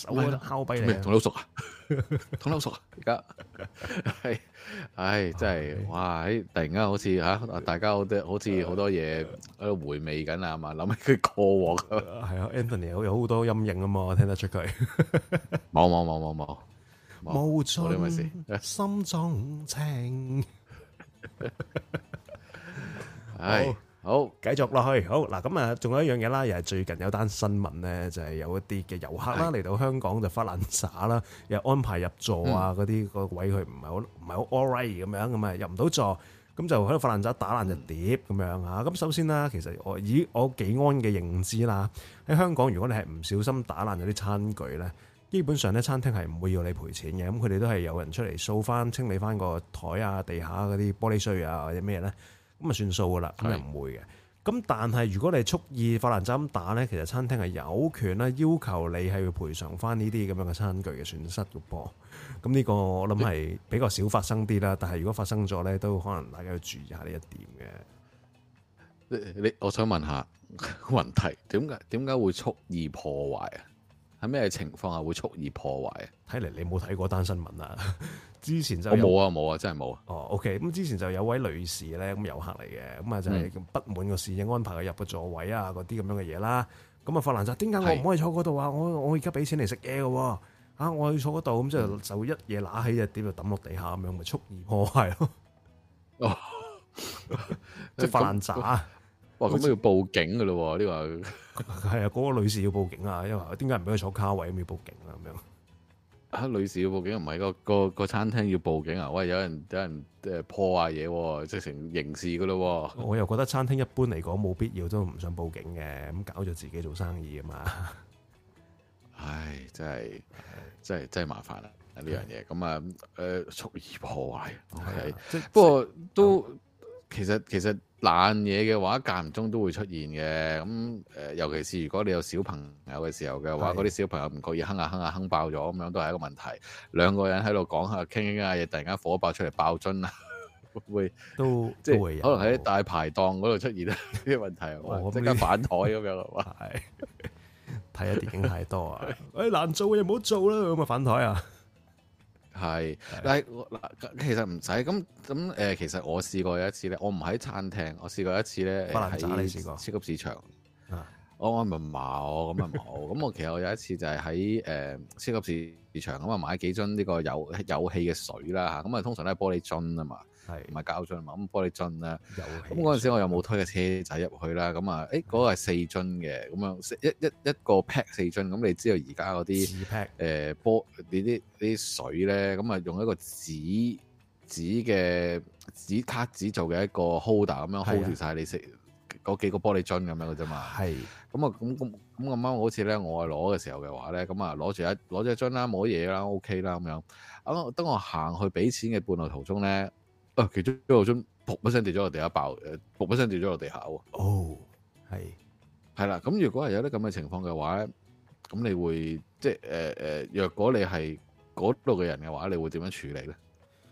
手喺度敲同你好熟啊，同你好熟啊！而家係，唉、 哎哎，真係哇！唉，突然間好似嚇、啊，大家都好似好多嘢喺度回味緊啦，係嘛？諗起佢過往。係啊，Anthony 有好多陰影啊嘛，我聽得出佢。冇冇冇冇冇。無盡心中情。係、 哎。好，繼續落去。好嗱，咁啊，仲有一樣嘢啦，又係最近有單新聞咧，就係、是、有一啲嘅遊客啦嚟到香港就發爛渣啦，又安排入座啊，嗰、那、啲個位佢唔係好唔係好 all right 咁樣，咁啊入唔到座，咁就喺度發爛渣打爛隻碟咁、嗯、樣嚇。咁首先啦，其實我以我幾安嘅認知啦，喺香港如果你係唔小心打爛咗啲餐具咧，基本上咧餐廳係唔會要你賠錢嘅。咁佢哋都係有人出嚟掃翻清理翻個枱啊、地下嗰啲玻璃碎啊或者咩咧。咁咪算數噶啦，係唔會嘅。咁但係如果你蓄意發爛渣打呢，其實餐廳係有權咧要求你係要賠償翻呢啲咁樣嘅餐具嘅損失嘅噃。咁呢個我諗係比較少發生啲啦。但係如果發生咗呢，都可能大家要注意下呢一點嘅。你我想問下問題，點解點解會蓄意破壞啊？喺咩情況下會蓄意破壞啊？睇嚟你冇睇過單新聞啊？之前就我冇啊冇啊真係冇啊。哦 OK 咁之前就有位女士咧，咁遊客嚟嘅，咁啊就係不滿個侍應安排佢入個座位啊嗰啲咁樣嘅嘢啦，咁啊發爛渣，點解我唔可以坐嗰度是啊我我而家俾錢嚟食嘢嘅喎啊我要坐嗰度，咁即係就一嘢乸起碟就點就抌落地下咁樣咪蓄意。破壞咯，即係發爛渣哇，咁要報警嘅咯呢個係啊嗰個女士要報警啊因為點解唔俾佢坐卡位咁要報警啊？咁樣。啊、女士要報警唔係個個個餐廳要報警啊！喂，有人有人誒破壞嘢，即成刑事噶咯喎！我又覺得餐廳一般嚟講冇必要都唔想報警嘅，咁搞咗自己做生意啊嘛！唉，真係真係真係麻煩啦！呢、嗯、樣嘢咁啊誒，蓄意破壞。O K，的不過的都其實、嗯、其實。其實其實爛嘢嘅話間唔中都會出現嘅，咁、嗯、誒尤其是如果你有小朋友嘅時候嘅話，嗰啲的小朋友唔覺意哼下哼下哼，哼爆咗咁樣都係一個問題。兩個人喺度講下傾傾下嘢，突然間火爆出嚟爆樽啊，會都即係可能喺大排檔嗰度出現呢啲問題，哦咁啲反台咁樣係，睇啲 電影太多啊，誒的、欸、難做嘅嘢唔好做啦，咁啊反台啊。係，但係嗱嗱，其實唔使咁咁誒，其實我試過有一次咧，我唔喺餐廳，我試過有一次咧喺超級市場，啊、我我咪冇，咁咪唔好。咁 我其實我有一次就係喺誒超級市市場咁啊買幾樽呢個有有氣嘅水啦嚇，咁啊我通常都係玻璃樽啊嘛。係唔係膠樽嘛，咁玻璃樽咧，咁嗰陣時我又冇推嘅車仔入去啦。咁啊，誒、欸、嗰、那個係四樽嘅，咁樣一一一個 pack 四樽。咁你知道而家嗰啲誒玻啲啲啲水咧，咁啊用一個紙紙嘅紙卡紙做嘅一個 holder 咁樣 hold 住晒你四嗰的幾個玻璃樽咁樣嘅啫嘛。係咁啊，咁咁咁咁啱，好似咧我攞嘅時候嘅話咧，咁啊攞住一攞住一樽啦，冇嘢啦，OK 啦咁樣。咁等我行去俾錢嘅半路途中咧。啊！其中一個樽噗一聲跌咗落地下爆，誒噗一聲跌咗落地下喎。哦、oh, 是，係係啦。咁如果係有啲咁嘅情況嘅話咧，咁你會即係誒誒，若果你係嗰度嘅人嘅話，你會點樣處理咧？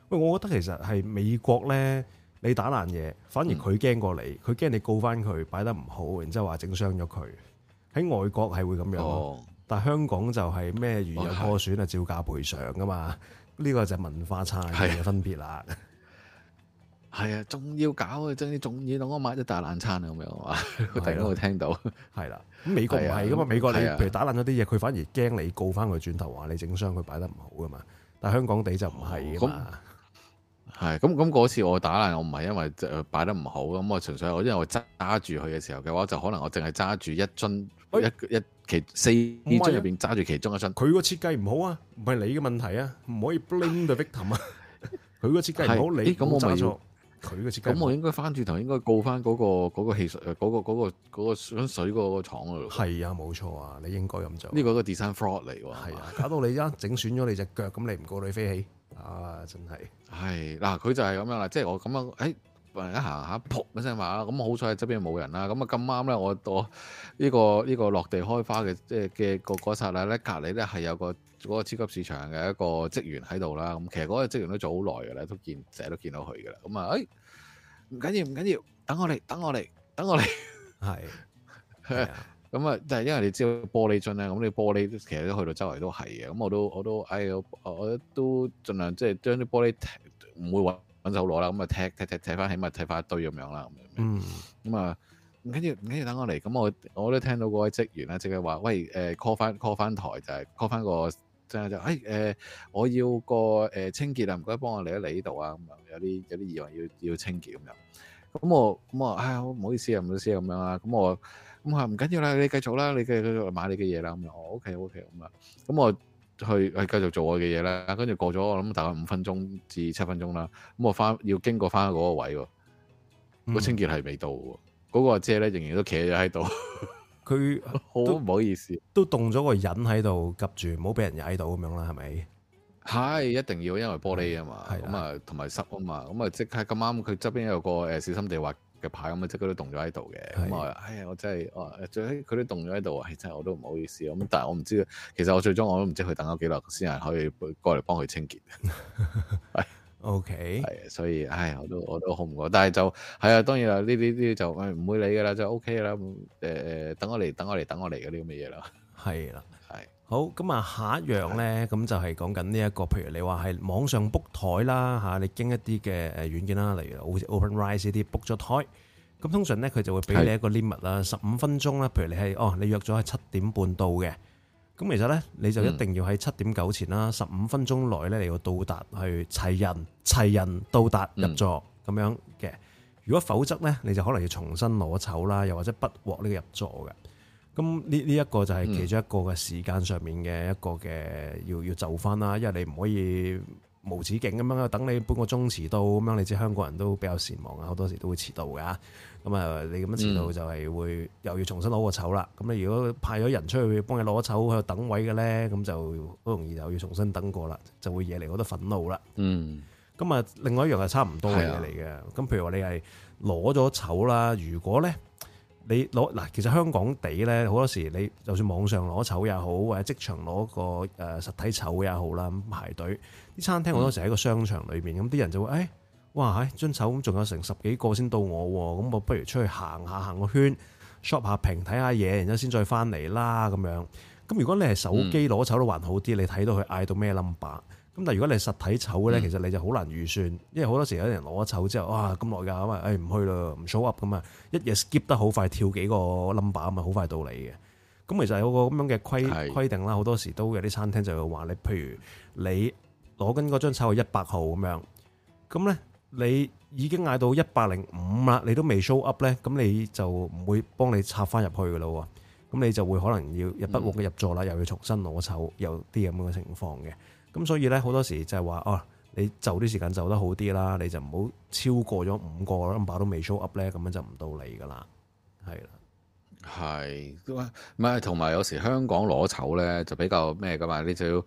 喂，我覺得其實係美國咧，你打爛嘢，反而佢驚過你，佢驚、嗯、你告翻佢擺得唔好，然之後話整傷咗佢。喺外國係會咁樣，oh. 但係香港就係咩如有破損啊，oh, 是照價賠償噶嘛。呢、這個就文化差嘅是的 分別啦。 係啊，仲要搞啊，真啲仲嘢，同我買隻大爛餐啊，咁 樣係嘛？佢突然間聽到係啦。咁美國唔係噶嘛，美國你的譬如打爛咗啲嘢，佢反而驚你告翻佢，轉頭話你整箱佢擺得唔好噶嘛。但係香港地就唔係啊嘛。係咁咁嗰次我打爛，我唔係因為誒擺得唔好，咁、嗯、我純粹係因為我揸住佢嘅時候嘅話，就可能我淨係揸住一樽、哎、一一其四樽入邊揸住其中一樽。佢個設計唔好啊，唔係你嘅問題啊，唔可以 blame the victim 啊。佢個設計唔好，你咁我咁我應該翻轉頭應該告翻、那、嗰個汽、那個、水嗰、那個嗰、那個、水嗰個廠啊！係啊，冇錯啊，你應該咁做。呢個係個 design fraud 嚟喎，啊，搞到你一整損咗你隻腳，咁你唔告你飛起、嗯、啊！真係。係嗱，佢就係咁樣啦，即係我咁樣，誒、就是，問一下嚇，噗嘅聲話啦，咁好彩係側邊冇人啦，咁啊咁啱咧，我我呢、這個呢、這個落地開花嘅即係嘅個嗰剎啦，咧隔離咧係有個。嗰個超級市場嘅一個職員喺度啦，咁其實嗰個職員都做好耐嘅咧，都見成日都見到佢嘅啦。咁、嗯、啊，誒唔緊要，唔緊要，等我嚟，等我嚟，等我嚟。係。 咁啊，嗯、但係因為你知道玻璃樽咧，咁你玻璃其實都去到周圍都係嘅。咁我都我都，哎，我都盡量即係將啲玻璃唔會揾揾手攞啦。咁啊踢踢踢踢翻，起碼踢翻一堆咁樣啦。咁啊，唔緊要，唔緊要，等我嚟。咁我我都聽到嗰位職員咧，即係話，喂，誒 call 翻 call 翻台，就係 call 翻個。就就誒誒，我要個誒清潔啊，唔該幫我嚟一嚟呢度啊，咁樣有啲有啲疑問要要清潔咁樣。咁我咁啊，唉，唔好意思啊，唔好意思咁樣啦。咁我咁啊唔緊要啦，你繼續啦，你繼續繼續買你嘅嘢啦。咁啊，OK OK 咁啊。咁我去去繼續做我嘅嘢啦。跟住過咗我諗大概五分鐘至七分鐘啦。咁我翻要經過翻嗰個位喎，個清潔係未到喎。嗰個阿姐咧仍然都企咗喺度。佢好唔好意思，都凍咗個人喺度急住，唔好俾人踩到咁樣啦，係咪？係一定要，因為玻璃啊嘛，咁啊同埋濕啊嘛，咁啊即係咁啱佢側邊有個誒小心地滑嘅牌咁啊，即佢都凍咗喺度嘅，咁啊哎呀我真係哦佢都凍咗喺度啊，真係我都唔好意思咁，但係我唔知其實我最終我都唔知佢等咗幾耐先係可以過嚟幫佢清潔。 O K，係，所以，唉，我都我都好唔過，但係就係啊，當然啦，呢啲啲就唔、哎、會理噶啦，就 O K 噶啦，誒、呃、誒，等我嚟，等我嚟，等我嚟嗰啲咁嘅嘢啦，係啦，係的，的好，咁啊，下一樣咧，咁的就係講緊呢一個，譬如你話係網上 book 台啦，吓、啊，你經一啲嘅誒軟件啦，例如好似 OpenRice 呢啲 book 咗台，咁通常咧佢就會俾你一個 limit 啦，十五的分鐘啦，譬如你係哦，你約咗係七點半到嘅。咁其實咧，你就一定要喺七點九前啦，十五分鐘內咧，你要到達去齊人，齊人到達入座咁、嗯、樣嘅。如果否則咧，你就可能要重新攞籌啦，又或者不獲呢個入座嘅。咁呢呢一個就係其中一個嘅時間上面嘅一個嘅要要遷就返啦，因為你唔可以。無止境咁樣，等你半個鐘遲到咁樣，你知香港人都比較善忘啊，好多時都會遲到噶。咁啊，你咁樣遲到就係會、嗯、又要重新攞個籌啦。咁你如果派咗人出去幫你攞籌喺度等位嘅咧，咁就好容易又要重新等過啦，就會惹嚟好多憤怒啦。嗯。咁啊，另外一樣係差唔多嘅嘢嚟嘅。咁是、啊、譬如話你係攞咗籌啦，如果咧。你攞嗱，其實香港地咧好多時，你就算網上攞籌也好，或者即場攞個誒實體籌也好啦。咁排隊啲餐廳好多時喺個商場裏面，咁啲、嗯、人就會誒、哎，哇！唉、哎，張籌咁仲有成十幾個先到我，咁我不如出去行下行個圈，shop 下平睇下嘢，然之後先再翻嚟啦咁樣。咁如果你係手機攞籌都還好啲，嗯、你睇到佢嗌到咩 number？咁但如果你實體籌嘅咧，其實你就好難預算，嗯、因為好多時有啲人攞咗籌之後，啊，咁耐㗎咁啊，誒、哎、唔去咯，唔 show up 咁啊，一嘢 skip 得好快，跳幾個 number 啊，嘛好快到你嘅。咁其實有個咁樣嘅規是 規定啦，好多時都有啲餐廳就會話你，譬如你攞緊嗰張籌去一百號咁樣，咁咧你已經嗌到一百零五啦，你都未 show up 咧，咁你就唔會幫你插翻入去嘅咯。咁你就會可能要入不獲嘅入座啦，嗯、又要重新攞籌，有啲咁嘅情況嘅。咁所以咧，好多時就係話，哦、啊，你就啲時間走得好啲啦，你就唔好超過咗五個 number 都未 show up 咧，咁樣就唔到你噶啦，係啦，係，唔係，同埋有時香港攞籌咧就比較咩噶嘛，你就要誒、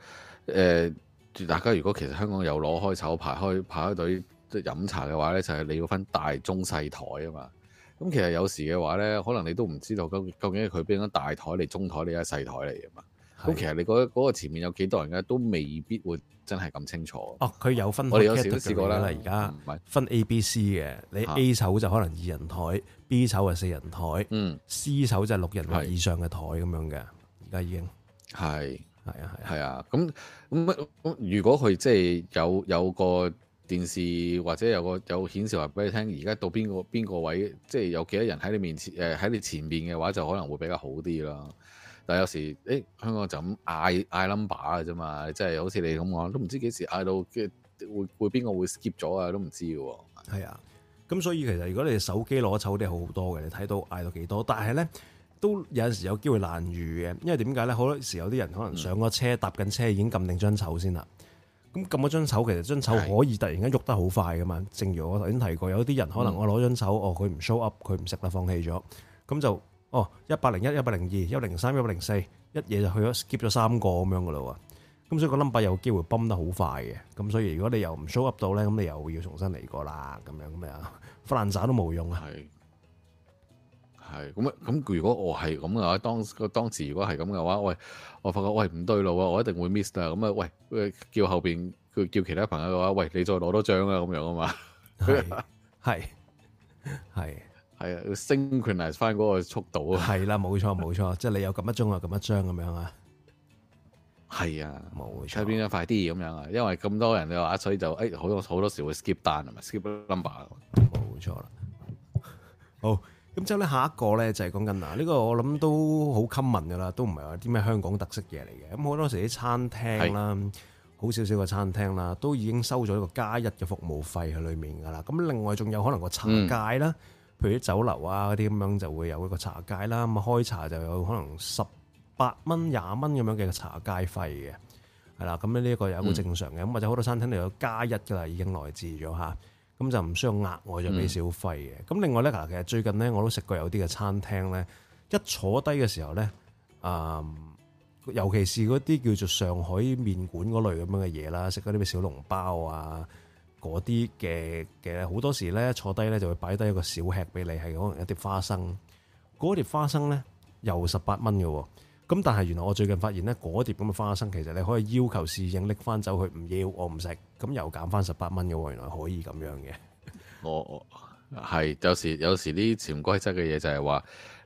呃，大家如果其實香港有攞開籌排開排隊即係飲茶嘅話咧，就係、是、你要分大中細台啊嘛，咁其實有時嘅話咧，可能你都唔知道，究竟究竟係佢邊間大台嚟，中台嚟，定細台嚟啊嘛。咁其實你覺得嗰個前面有幾多人嘅都未必會真係咁清楚。哦，佢有分我有試試，我哋有少試過啦，而家分 A、B 是、C 嘅。你 A 手就可能二人台，B 手係四人台，啊、人台嗯，C 手就係六人或以上嘅台咁樣嘅。而家是已經係係啊係係啊。咁咁如果佢即係有有個電視或者有個有顯示話俾你聽，而家到邊個邊個位，即、就、係、是、有幾多人喺你面前誒喺你前面嘅話，就可能會比較好啲啦。但有時誒、欸，香港就咁嗌嗌 number 嘅啫嘛，即係好似你咁講，都唔知幾時嗌到嘅會會邊個會 skip 咗啊？都唔知嘅喎。係啊，咁所以其實如果你手機攞籌啲好好多嘅，你睇到嗌到幾多，但係咧都有時有機會難遇嘅，因為點解咧？好多時有啲人可能上個車、嗯、搭緊車已經撳定張籌先啦。咁撳咗張籌其實張籌可以突然間喐得好快嘅嘛。是的 正如我頭先提過，有啲人可能我攞張籌，嗯、哦佢唔 show up，佢唔食啦，放棄咗，咁就。哦，一百零一、一百零二、一百零三、一百零四，一嘢就去咗 skip 咗三個咁樣噶啦喎，咁所以個 number 有機會崩得好快嘅，咁所以如果你又唔 show up 到咧，咁你又要重新嚟過啦，咁樣咁樣，翻爛晒都冇用啊。係係，咁啊，咁如果我係咁嘅話，當個當時如果係咁嘅話，喂，我發覺喂唔對路啊，我一定會 miss 啊，咁啊，喂，叫後邊佢叫其他朋友嘅話，喂，你再攞多張啊，咁樣啊嘛，係係。係啊，synchronize 翻嗰個速度啊！係啦，冇錯冇錯， 即係你有咁一張啊，咁一張咁樣啊，係啊，冇錯錯。睇邊張快啲咁樣啊，因為咁多人嘅話，所以就誒，好、哎、多好多時會 skip 單啊埋 skip number。冇錯啦。好，咁之後咧，下一個咧就係講緊啊，呢、這個我諗都好 common 噶啦，都唔係話啲咩香港特色嘢嚟嘅。咁好多時啲餐廳啦，是好少少嘅餐廳啦，都已經收咗一個加一嘅服務費喺裏面噶啦。咁另外仲有可能個茶界啦。譬如啲酒樓啊嗰啲咁樣就會有一個茶街啦，咁啊開茶就有可能十八蚊、廿蚊咁樣嘅茶街費嘅，係啦。咁咧呢一個有好正常嘅，咁或者好多餐廳都有加一噶啦，已經內置咗嚇，咁就唔需要額外就俾小費嘅。咁、嗯、另外咧嗱，其實最近咧我都食過有啲嘅餐廳咧，一坐低嘅時候咧，啊、呃，尤其是嗰啲叫做上海麵館嗰類咁樣嘅嘢啦，食嗰啲咩小籠包啊。嗰啲嘅嘅，好多時咧坐低咧就會擺低一個小吃俾你，係可能一碟花生。嗰碟花生咧又十八蚊嘅喎。咁但係原來我最近發現咧，嗰碟咁嘅花生其實你可以要求侍應拎翻走去，唔要我唔食，咁又減翻十八蚊嘅喎。原來可以咁樣嘅。我我係有時有時啲潛規則嘅嘢就係話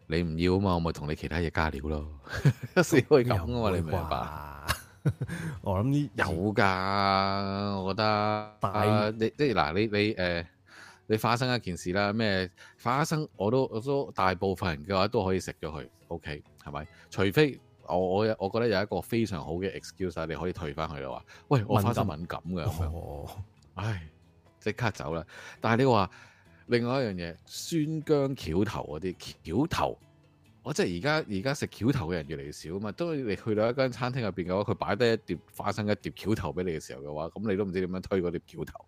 你唔要啊嘛，我咪同你其他嘢加料咯。 有時可以減嘅喎，你明唔明白？ 我諗呢這有噶，我覺得，但係你即係嗱，你你誒，你花生一件事啦，咩花生我都我都大部分人嘅話都可以食咗佢，OK 係咪？除非我我我覺得有一個非常好嘅 excuse，你可以退翻去啦，話喂，我花生敏感嘅，感是是哦，唉，即刻走啦。但係你話另外一樣嘢，酸姜橋頭嗰啲橋頭。我即係而家，而家食橋頭嘅人越嚟越少啊嘛！都你去到一間餐廳入邊嘅話，佢擺低一碟花生、一碟橋頭俾你嘅時候嘅話，咁你都唔知點樣推嗰碟橋頭。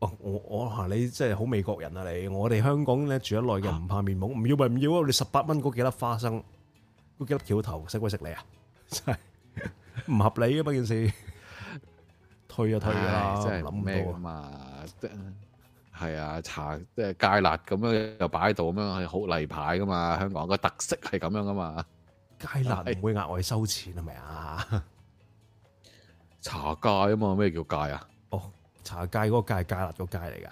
我我我話你，真係好美國人啊！你我哋香港咧住得耐嘅唔怕面懵，唔要咪唔要啊！你十八蚊嗰幾粒花生，嗰幾粒橋頭，識鬼食你啊！真係唔合理吖嘛件事，推啊推啦、啊，諗唔、哎、到啊嘛。 係啊，茶即係芥辣咁樣又擺喺度，咁樣係好例牌噶嘛。香港個特色係咁樣噶嘛。芥辣唔會額外收錢啊，係咪是？啊？茶芥啊嘛，咩叫芥啊？哦，茶芥嗰個芥芥辣個芥嚟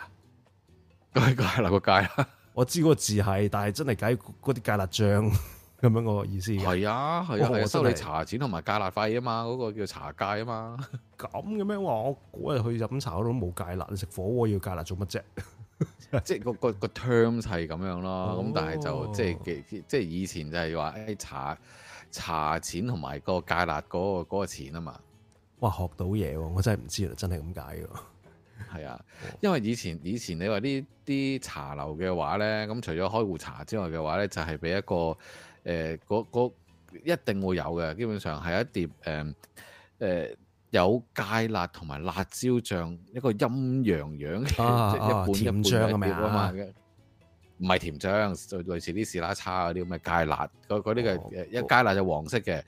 噶，係芥辣個芥。 我知嗰個字係，但係真係解嗰啲芥辣醬。咁樣個意思係啊，係啊，我、哦、收你茶錢同埋芥辣費啊嘛，嗰、嗰個叫茶芥啊嘛，咁嘅咩？哇！我嗰日去飲茶嗰度都冇芥辣，你食火鍋要芥辣做乜啫？ 即係個個個 terms 係咁樣咯。咁但係就即係即係以前就係話茶茶錢同埋個芥辣嗰、嗰個嗰錢啊嘛。哇！學到嘢喎、啊，我真係唔知啊，真係咁解㗎。係啊，因為以前以前你話呢啲茶樓嘅話咧，咁除咗開壺茶之外嘅話咧，就係、是、俾一個。誒，一定會有嘅。基本上係一碟誒誒，有芥辣同埋辣椒醬，一個陰陽樣，一半一半咁啊嘛。唔係甜醬，就類似啲士拉叉嗰啲咁嘅芥辣。啲嘅、哦、一芥辣就黃色嘅，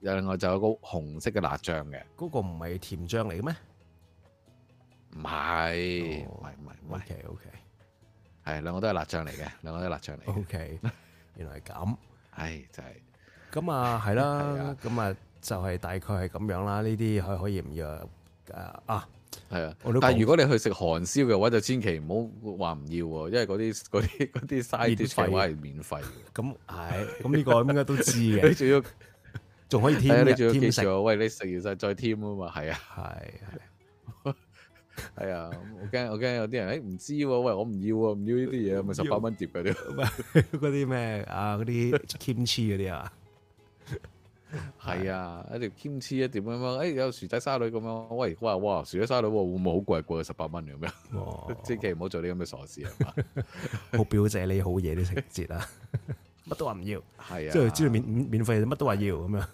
另外就有個紅色嘅辣醬嘅。嗰、嗯這個唔係甜醬嚟嘅咩？唔係唔係唔係。O K O K，係兩個都係辣醬嚟嘅，兩個都係辣醬嚟嘅。O K，原來係咁。唉、哎，就係咁啊，係啦、嗯，咁啊，就係大概係咁樣啦。呢啲可可以唔要啊？啊，係、 嗯就是、啊，啊也但係如果你去食韓燒嘅話，就千祈唔好話唔要喎，因為嗰啲啲啲嘥啲費位係免費嘅。咁係、 嗯，咁、嗯、呢、嗯這個應該都知嘅。你仲 要仲 可以添？你仲要記住，喂，你食完晒再添啊嘛，係啊，係是、啊。 係 啊，我驚我驚有啲人誒唔知喎，喂，我唔要啊，唔要呢啲嘢，咪十八蚊碟嘅啲，嗰啲咩啊嗰啲鉛黐嗰啲啊，係啊一條鉛黐一碟，嗯。咁樣，誒、哎、有薯仔沙律咁樣，喂哇哇薯仔沙律會唔會好貴？貴十八蚊咁樣？千祈唔好做啲咁嘅傻事係嘛，好 表姐你好嘢啲情節 啊？乜 都話唔要，係啊，即係知道免免費乜都話要咁樣。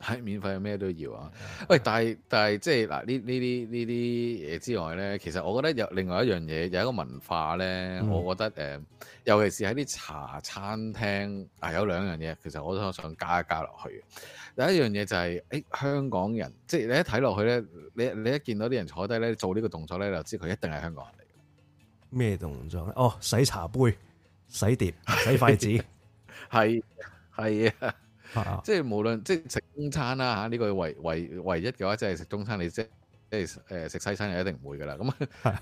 係免費咩都要啊！喂，但係但係即係嗱，呢呢啲呢啲嘢之外咧，其實我覺得有另外一樣嘢，有一個文化咧，嗯、我覺得誒，尤其是喺啲茶餐廳，啊有兩樣嘢，其實我都想加一加落去嘅。第一樣嘢就係、是，誒、哎、香港人，即係你一睇落去咧，你你一見到啲人坐低咧做呢個動作咧，就知佢一定係香港人嚟嘅。咩動作咧？哦，洗茶杯、洗碟、洗筷子，係係啊！ 即係無論即係食中餐啦，吓、啊、呢、這個唯唯唯一嘅話，即係食中餐，你即即誒食西餐就一定唔會噶啦。咁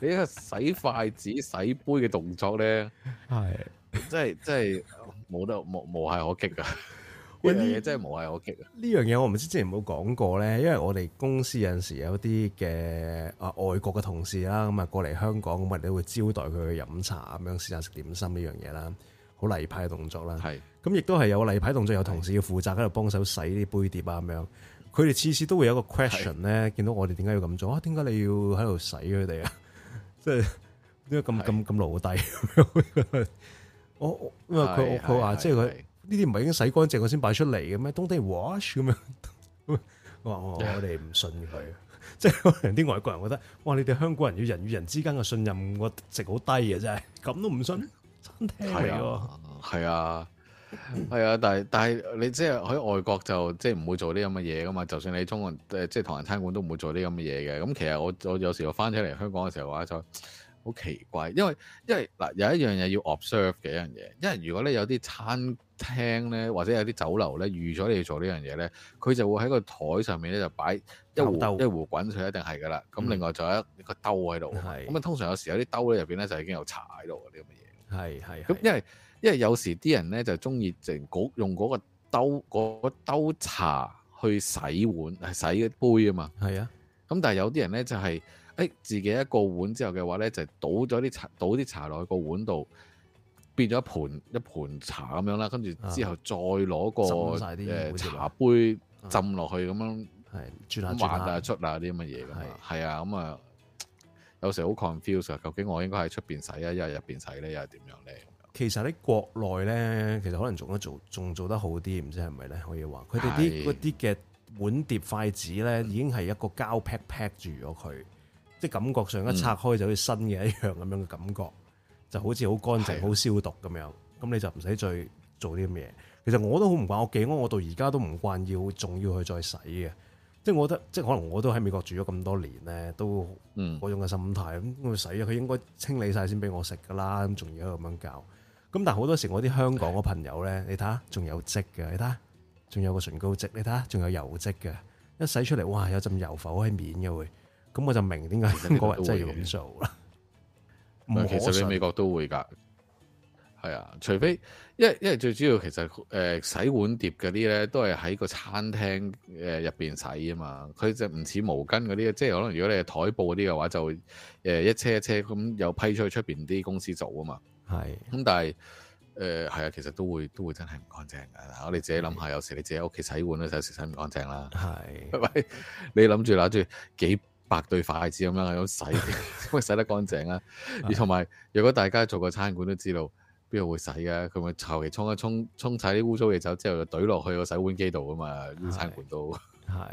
你呢個洗筷子、洗杯嘅動作咧，係即係即係冇得冇無懈可擊噶。呢樣嘢真係無懈可擊。呢樣嘢我唔知之前有冇講過咧，因為我哋公司有陣時有啲嘅啊外國嘅同事啦，咁啊過嚟香港，咁啊你會招待佢去飲茶咁樣試下食點心呢樣嘢啦。好例牌嘅動作啦，咁亦都係有例牌動作，有同事要負責喺度幫手洗啲杯碟啊咁樣，佢哋次次都會有個 question 咧，見是到我哋點解要咁做啊？點解你要喺度洗佢哋啊？即係點解咁咁咁奴隸 我因為佢佢話，即係佢呢啲唔係已經洗乾淨，我先擺出嚟嘅咩 Don't they wash 咁 樣， 我我我哋唔信佢，即係可能啲外國人覺得，哇！你哋香港人要人與人之間嘅信任值好低嘅真係，咁都唔信。係 啊，係啊，係啊，但係但係你即係喺外國就即係唔會做啲咁嘅嘢噶嘛。就算你中國即係唐人餐館都唔會做啲咁嘅嘢嘅。咁其實我我有時我翻起嚟香港嘅時候嘅話就好奇怪，因為因為嗱有一樣嘢要 observe 嘅一樣嘢，因為如果咧有啲餐廳咧或者有啲酒樓咧預咗你要做呢樣嘢咧，佢就會喺個台上面咧就擺一壺豆一壺滾水一定係噶啦。咁另外仲有一個兜喺度，咁啊、嗯、通常有時有啲兜咧入邊咧就已經有茶喺度啲咁嘅嘢。係係咁，因為因為有時啲人咧就中意整用嗰個兜兜茶去洗碗，洗一杯啊嘛。係啊，咁但係有啲人咧就係，誒自己一個碗之後嘅話咧，就倒咗啲茶，倒啲茶落去個碗度，變咗盤一盤茶咁樣啦。跟住之後再攞個誒茶杯浸落去咁樣，係轉下出啊出啊啲咁嘅嘢㗎嘛。係啊，咁啊。有時好 confuse 啊！究竟我應該喺出邊洗啊，一係入邊洗咧，又係點樣咧？其實喺國內咧，其實可能做得做，仲做得好啲，唔知係咪咧？可以話佢哋啲啲嘅碗碟筷子咧，已經係一個膠劈劈住咗佢，即係感覺上一拆開就好似新嘅一樣咁樣嘅感覺，嗯、就好似好乾淨、好的消毒咁樣。咁你就唔使再做啲咁嘢。其實我都好唔慣，我記得我到而家都唔慣要，仲要去再洗嘅。即係我覺得，即係可能我都喺美國住咗咁多年咧，都嗰種嘅心態咁，佢洗咗佢應該清理晒先俾我食噶啦，咁仲要咁樣教。咁但係好多時我啲香港嘅朋友咧，你睇下仲有漬嘅，你睇下仲有個唇膏漬，你睇下仲有油漬嘅，一洗出嚟哇，有浸油浮喺面嘅喎，咁我就明點解嗰人真係要咁做啦。其實喺美國都會㗎。係啊，除非，因為因為最主要其實誒、呃、洗碗碟嗰啲咧都係喺個餐廳誒入邊洗啊嘛，佢就唔似毛巾嗰啲，即係可能如果你係台布嗰啲嘅話就誒、呃、一車一車咁又批出去出邊啲公司做啊嘛，係是，咁但係誒係啊，其實都會都會真係唔乾淨噶，我哋自己諗下，有時你自己屋企洗碗都有時洗唔乾淨啦，係咪是？ 你諗住攞住幾百對筷子咁樣喺度洗，洗得乾淨啊？而同埋，如果大家做過餐館都知道。邊度會洗㗎？佢咪求其衝一衝，衝晒啲污糟嘢走之後就，就懟落去個洗碗機度啊嘛！啲是餐盤都係，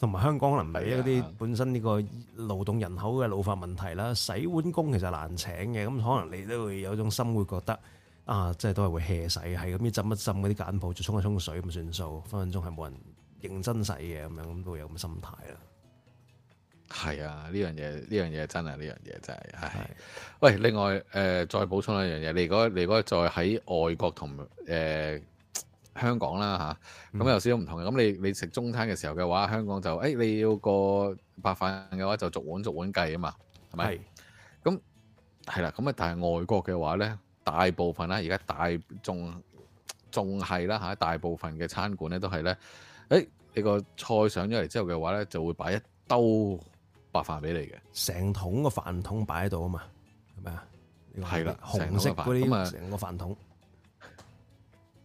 同埋 香港可能唔係一啲本身呢個勞動人口嘅老化問題啦，洗碗工其實難請嘅，咁可能你都會有種心會覺得啊，即係都係會 hea 洗。泡泡」a 係咁一浸一浸嗰啲簡報，再衝一衝水咁算數，分分鐘係冇人認真洗嘅，咁樣，咁都有咁嘅心態啦。係啊，呢樣嘢呢樣嘢真係，呢樣嘢真係係。是喂，另外誒、呃，再補充一樣嘢，你如果你如果再喺外國同誒、呃、香港啦嚇，咁、啊、有少少唔同嘅。咁、嗯、你你食中餐嘅時候嘅話，香港就誒、哎、你要個白飯嘅話就逐碗逐碗計啊嘛，係咪？係。咁係啦，咁啊但係外國嘅話咧，大部分、啊、大啦而家大仲仲係啦嚇，大部分嘅餐館咧都係咧，誒、哎、你個菜上咗嚟之後嘅話咧，就會擺一兜，白飯俾你嘅，成桶個飯桶擺喺度啊嘛，係咪啊？係啦，紅色嗰啲成個飯桶，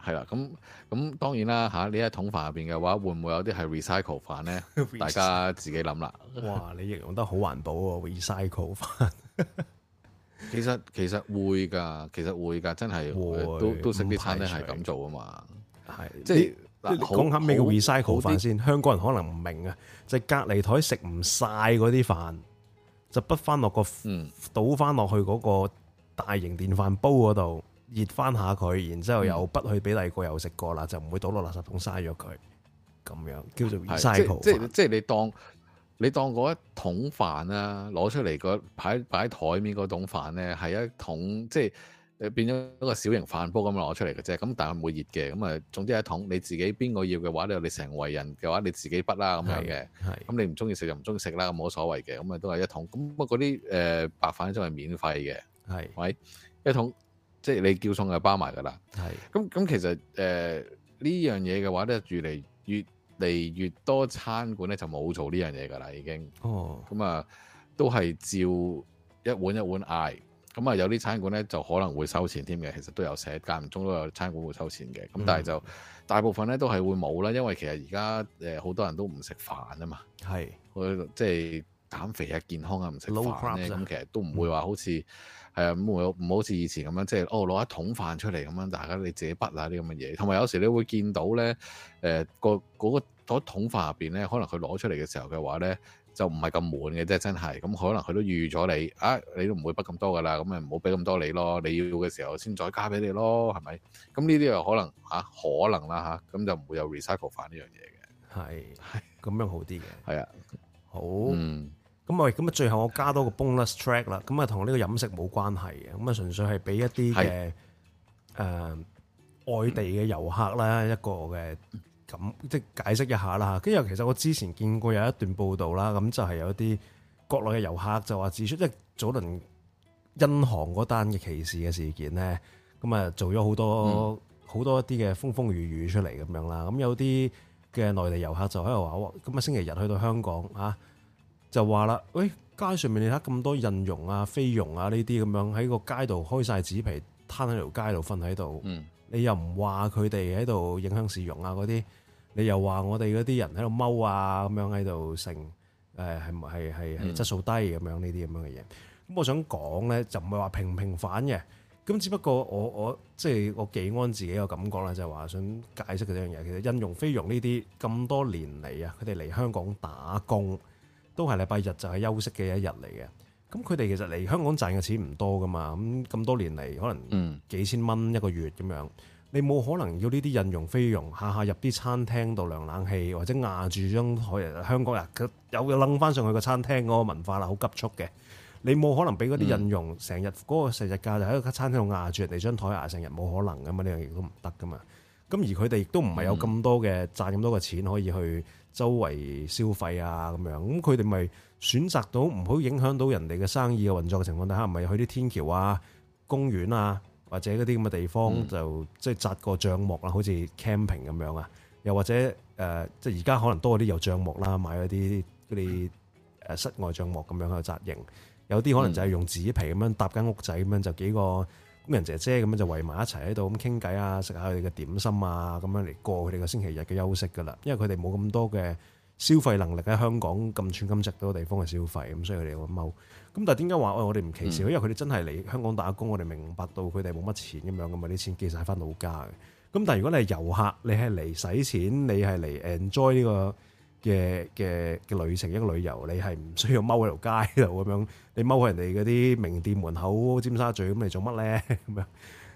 係啦，咁咁當然啦吓，呢、啊、一桶飯入邊嘅話，會唔會有啲係 recycle 飯咧？ 大家自己諗啦。 哇，你形容得好環保喎，recycle 飯。 其實其實會噶，其實會噶，真係會都都食啲餐廳係咁做啊嘛。係的，即係的。講下咩叫 recycle 好飯先，香港人可能唔明啊！就係、隔離台食唔晒嗰啲飯，就不翻落個、嗯、倒翻落去嗰個大型電飯煲嗰度熱翻下佢，然之後又，去又、嗯、不去俾第二個又食過啦，就唔會倒落垃圾桶嘥咗佢。咁樣叫做 recycle 飯，即即即係你當你當嗰一桶飯啊，攞出嚟個擺喺台面嗰桶飯咧，係一桶即係。誒變咗一個小型飯煲咁樣攞出嚟嘅啫，咁但係唔會熱嘅，咁啊總之係一桶，你自己邊個要嘅話咧，你,你成圍人嘅話，你自己畢啦咁係嘅，咁你唔中意食就唔中意食啦，咁冇所謂嘅，咁啊都係一桶，咁不過嗰啲誒白飯都係免費嘅，係的，喂的，一桶即係你叫餸就包埋㗎啦，係的，咁咁其實誒呢、呃、樣嘢嘅話咧，越嚟越嚟越多餐館咧就冇做呢樣嘢㗎啦，已經，哦，咁啊都係照一碗一碗嗌。咁啊，有啲餐館咧就可能會收錢添嘅，其實都有寫，間唔中都有餐館會收錢嘅。咁、嗯、但係就大部分咧都係會冇啦，因為其實而家誒好多人都唔食飯啊嘛，係是，佢即係減肥啊、健康啊，唔食飯咧，咁 Low、嗯、其實都唔會話好似係唔會唔好似以前咁樣，即係哦攞一桶飯出嚟咁樣，大家你自己筆啊啲咁嘅嘢。同埋有，有時你會見到咧，誒、呃嗰個嗰、嗰個嗰個桶飯入邊咧，可能佢攞出嚟嘅時候嘅話咧。就唔係咁悶嘅啫，真係咁可能佢都預咗你啊，你都唔會畢咁多㗎啦，咁咪唔好俾咁多你，你咯，你要嘅時候先再加俾你咯，係咪？咁呢啲又可能嚇、啊，可能啦嚇，咁、啊、就唔會有 recycle 翻呢樣嘢嘅。係係，咁樣好啲嘅。係 啊，好。嗯，咁喂，咁啊最後我加多個 bonus track 啦，咁啊同呢個飲食冇關係嘅，咁啊純粹係俾一啲嘅誒外地嘅遊客啦、嗯、一個嘅。咁即係解釋一下啦，跟住其實我之前見過有一段報道啦，咁就係、是、有一啲國內嘅遊客就話指出，即係早輪因航印航嗰單嘅歧視嘅事件咧，咁啊做咗好多好、嗯、多一啲嘅風風雨雨出嚟咁樣啦，咁有啲嘅內地遊客就喺度話，哇！咁啊星期日去到香港啊，就話啦，喂、哎，街上面你睇咁多印傭啊、菲傭啊呢啲咁樣喺個街度開晒紙皮攤喺條街度瞓喺度。嗯你又唔話佢哋喺度影響市容啊嗰啲，你又話我哋嗰啲人喺度踎啊咁樣喺度成，誒係係係質素低咁樣呢啲咁樣嘅嘢，咁我想講咧就唔係話平唔平反嘅，咁只不過我我即係、就是、我幾安自己個感覺啦，就係話想解釋佢嗰樣嘢，其實印傭菲傭呢啲咁多年嚟啊，佢哋嚟香港打工都係禮拜日就係休息嘅一日嚟嘅。咁佢哋其實嚟香港賺嘅錢唔多噶嘛，咁咁多年嚟可能幾千蚊一個月咁樣，嗯、你冇可能要呢啲印傭菲傭下下入啲餐廳度涼冷氣，或者壓住張台香港人佢有掹翻上去餐個、嗯嗰個、個餐廳嗰個文化啦，好急促嘅，你冇可能俾嗰啲印傭成日嗰個成日價喺個餐廳度壓住人哋張台壓成日，冇可能噶嘛，呢樣嘢都唔得噶嘛。咁而佢哋亦都唔係有咁多嘅、嗯、賺咁多嘅錢可以去周圍消費啊咁樣，咁佢哋咪。選擇到唔好影響到人哋嘅生意嘅運作嘅情況底下，唔係去啲天橋啊、公園啊，或者嗰啲咁嘅地方、嗯、就即係紮個帳幕啦，好似 camping 咁樣啊，又或者誒、呃，即係而家可能多啲有帳幕啦，買啲嗰啲誒室外帳幕咁樣去紮營，有啲可能就係用紙皮咁樣搭間屋仔咁樣，就幾個工人姐姐咁樣就圍埋一齊喺度咁傾偈啊，食下佢哋嘅點心啊，咁樣嚟過佢哋嘅星期日嘅休息噶啦，因為佢哋冇咁多嘅。消費能力喺香港咁寸金值多個地方嘅消費，咁所以佢哋會踎。咁但係點解話我哋唔歧視？因為佢哋真係嚟香港打工，我哋明白到佢哋冇乜錢咁樣噶嘛，啲錢其實係翻老家嘅。咁但係如果你係遊客，你係嚟使錢，你係嚟 enjoy 呢個嘅嘅嘅旅程，一個旅遊，你係唔需要踎喺條街度咁樣，你踎喺人哋嗰啲名店門口、尖沙咀咁你做乜咧？咁樣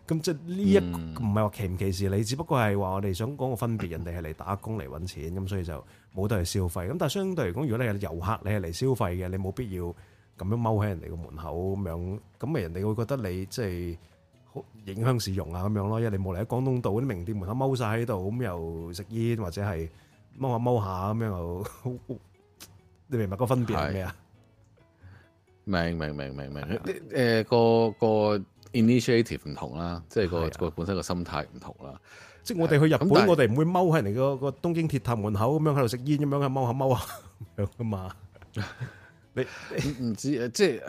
咁即係呢一唔係話歧唔歧視你，只不過係話我哋想講個分別，人哋係嚟打工嚟揾錢，咁所以就。冇得嚟消費，咁但係相對嚟講，如果你係遊客，你係嚟消費嘅，你冇必要咁樣踎喺人哋個門口咁樣，咁咪人哋會覺得你即係影響市容啊咁樣咯，因為你冇嚟喺廣東道啲名店門口踎晒喺度，咁又食煙或者係踎下踎下咁樣又，你明白個分別係咩啊？明明明明明，誒個個 initiative 唔同啦，即係個個本身個心態唔同啦。即係我哋去日本，是我哋唔會踎喺人哋個東京鐵塔門口咁樣喺度食煙咁樣去踎下踎下。咁樣噶嘛？蹲蹲蹲蹲 你你唔知， 即係，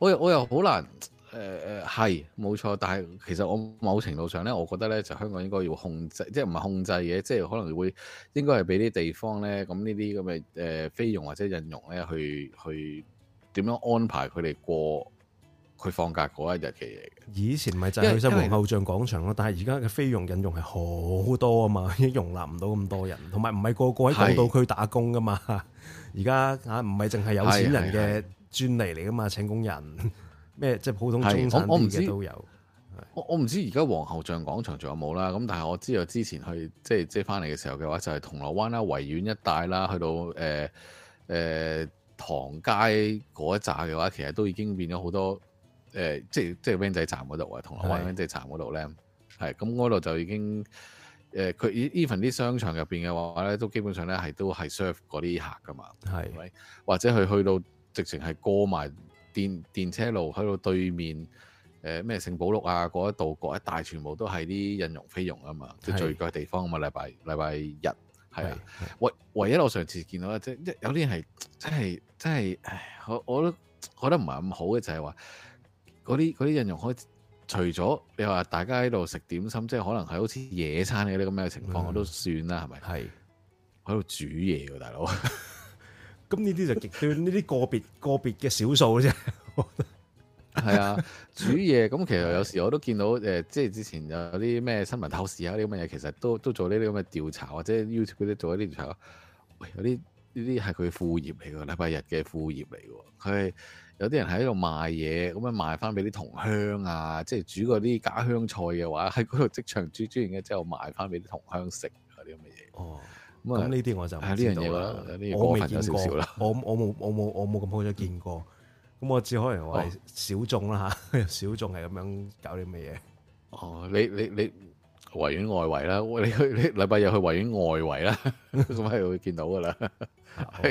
我我又好難，誒、呃、誒，係冇錯。但係其實我某程度上咧，我覺得咧，就香港應該要控制，即係唔係控制嘅，即係可能會應該係俾啲地方咧，咁呢啲咁嘅誒菲傭或者印傭咧，去去點樣安排佢哋過？佢放假嗰一日嘅嘢，以前咪就係去新皇后像廣場咯，為但係而家嘅菲傭引用係好多啊嘛，亦容納唔到咁多人，同埋唔係個個喺港島區打工噶嘛，而家嚇唔係淨係有錢人嘅專利嚟噶嘛，請工人咩即係普通中產嘅我唔知道都有，我我唔知而家皇后像廣場仲有冇啦，咁但係我知道之前去即係即係翻嚟嘅時候嘅話，就係、是、銅鑼灣啦、維園一帶啦，去到誒誒、呃呃、唐街嗰一紮嘅話，其實都已經變咗好多。誒、呃，即係即係灣仔站嗰度啊，同埋灣灣仔站嗰度咧，係咁嗰度就已經誒。佢、呃、even 啲商場入邊嘅話咧，都基本上咧係都係 serve 嗰啲客㗎嘛，係的或者佢去到直情係過埋電電車路，去到，到對面誒咩、呃、聖保祿啊嗰一度嗰一帶，全部都係啲印傭菲傭啊嘛，即係的聚腳地方啊嘛。禮拜禮拜日係唯唯一我上次見到即係有啲係真係真係，唉，我我都覺得唔係咁好嘅，就係、是、話。就是真嗰啲嗰啲人用開，除咗你話大家喺度食點心，即係可能係好似野餐嗰啲咁樣嘅情況，嗯、我都算啦，係咪？係喺度煮嘢嘅大佬，咁呢啲就極端，呢啲個別 個別嘅少數啫。係 啊，煮嘢咁其實有時我都見到誒，即係之前有啲咩新聞透視啊啲咁嘅嘢，其實都都做呢啲咁嘅調查，或者 YouTube 嗰啲做啲調查，喂，有啲呢啲係佢副業嚟嘅，禮拜日嘅副業嚟嘅，佢。有啲人喺度賣嘢，咁樣賣翻俾啲同鄉啊，即係煮嗰啲家鄉菜嘅話，喺嗰度即場煮，煮完嘅之後賣翻俾啲同鄉食，係啲咁嘅嘢。哦，咁呢啲我就係呢樣嘢啦，我未見過，少我我冇我冇我冇咁好嘅見過。咁、嗯嗯嗯、我只可能話小眾啦嚇，哦、 小眾係咁樣搞啲乜嘢。哦，你你你維園外圍啦，你去你禮拜日去維園外圍啦，咁 係會見到噶啦。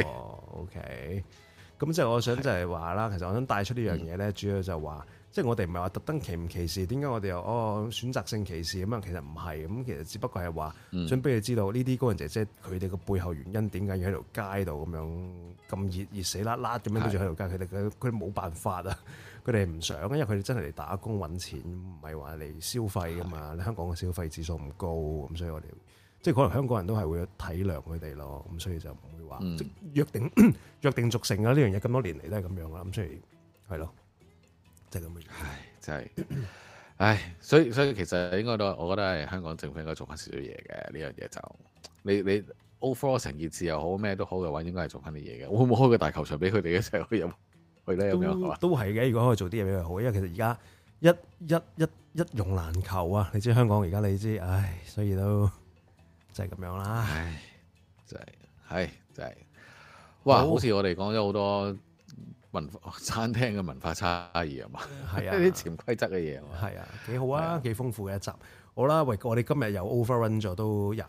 哦，OK。 咁即係我想就係話啦，的其實我想帶出呢樣嘢咧，嗯、主要就係話，即、就、係、是、我哋唔係話特登歧唔歧視，點解我哋又哦選擇性歧視咁樣？其實唔係，咁其實只不過係話，嗯、想俾佢知道呢啲工人姐姐佢哋個背後原因點解要喺條街度咁樣咁熱熱死啦啦咁樣跟住喺條街，佢哋佢冇辦法啊，佢哋唔想，因為佢哋真係嚟打工揾錢，唔係話嚟消費噶嘛。你的香港嘅消費指數唔高，咁所以我哋。即係可能香港人都係會體諒佢哋咯，咁所以就唔會話、嗯、約定約定俗成啊。呢樣嘢咁多年嚟都係咁樣啦。咁、嗯、所以係咯，就係咁嘅。唉，真係唉，所以所以其實應該都我覺得係香港政府應該做翻少少嘢嘅呢樣嘢。就你你 overall 成件事又好，咩都好嘅話，應該係做翻啲嘢嘅。我會唔會開個大球場俾佢哋一齊去入去咧？咁樣都係嘅吧。如果可以做啲嘢比較好，因為其實而家一一一一,一,一,一用難求啊。你知香港而家你知唉、哎哎，所以都。哎就係咁樣啦，唉、就係，唉，就係、係，係，就係好，哇，好似我哋講咗好多文化餐廳嘅文化差異啊嘛，啲 潛規則嘅嘢啊係啊，幾好啊，幾、啊、豐富嘅一集，好啦，喂，我哋今日又 overrun 咗都廿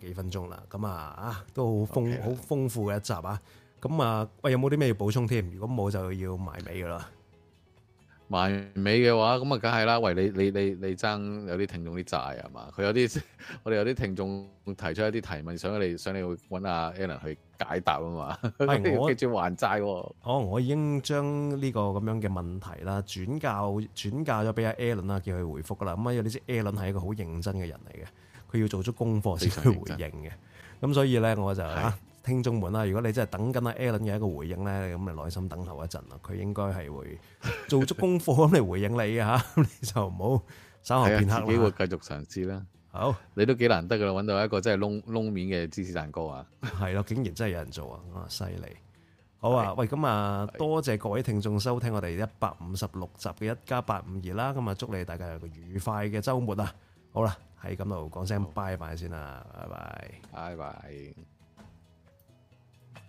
幾分鐘啦，咁啊，啊，都好豐好 Okay. 豐富嘅一集啊，咁啊，喂，有冇啲咩要補充添？如果冇就要埋尾噶啦。完美嘅話，咁啊，梗係啦。喂，你你你你爭有啲聽眾啲債係嘛？佢有啲 我哋有啲聽眾提出一啲提問，想你想你會揾阿 Allen 去解答啊嘛。我記住還債喎、啊。哦，我已經將呢個咁樣嘅問題啦，轉教轉教咗俾阿 Allen 啦，叫佢回覆㗎啦。咁啊，有啲知 Allen 係一個好認真嘅人嚟嘅，佢要做足功課先去回應嘅。咁所以咧，我就嚇。聽眾們啦，如果你真係等緊阿 Aaron 嘅一個回應咧，咁咪耐心等候一陣咯。佢應該係會做足功課咁嚟回應你啊，咁 你就唔好稍后片刻啦。自己會繼續嘗試啦。好，你都幾難得噶啦，搵到一個真係窿面嘅芝士蛋糕啊！係咯，竟然真係有人做啊！哇，犀利！好啊，的喂，咁啊，的多謝各位聽眾收聽我哋一百五十六集嘅一家八五二啦。咁啊，祝你大家有個愉快嘅周末啊！好啦、啊，喺咁度講聲拜拜先啦，拜拜，拜拜。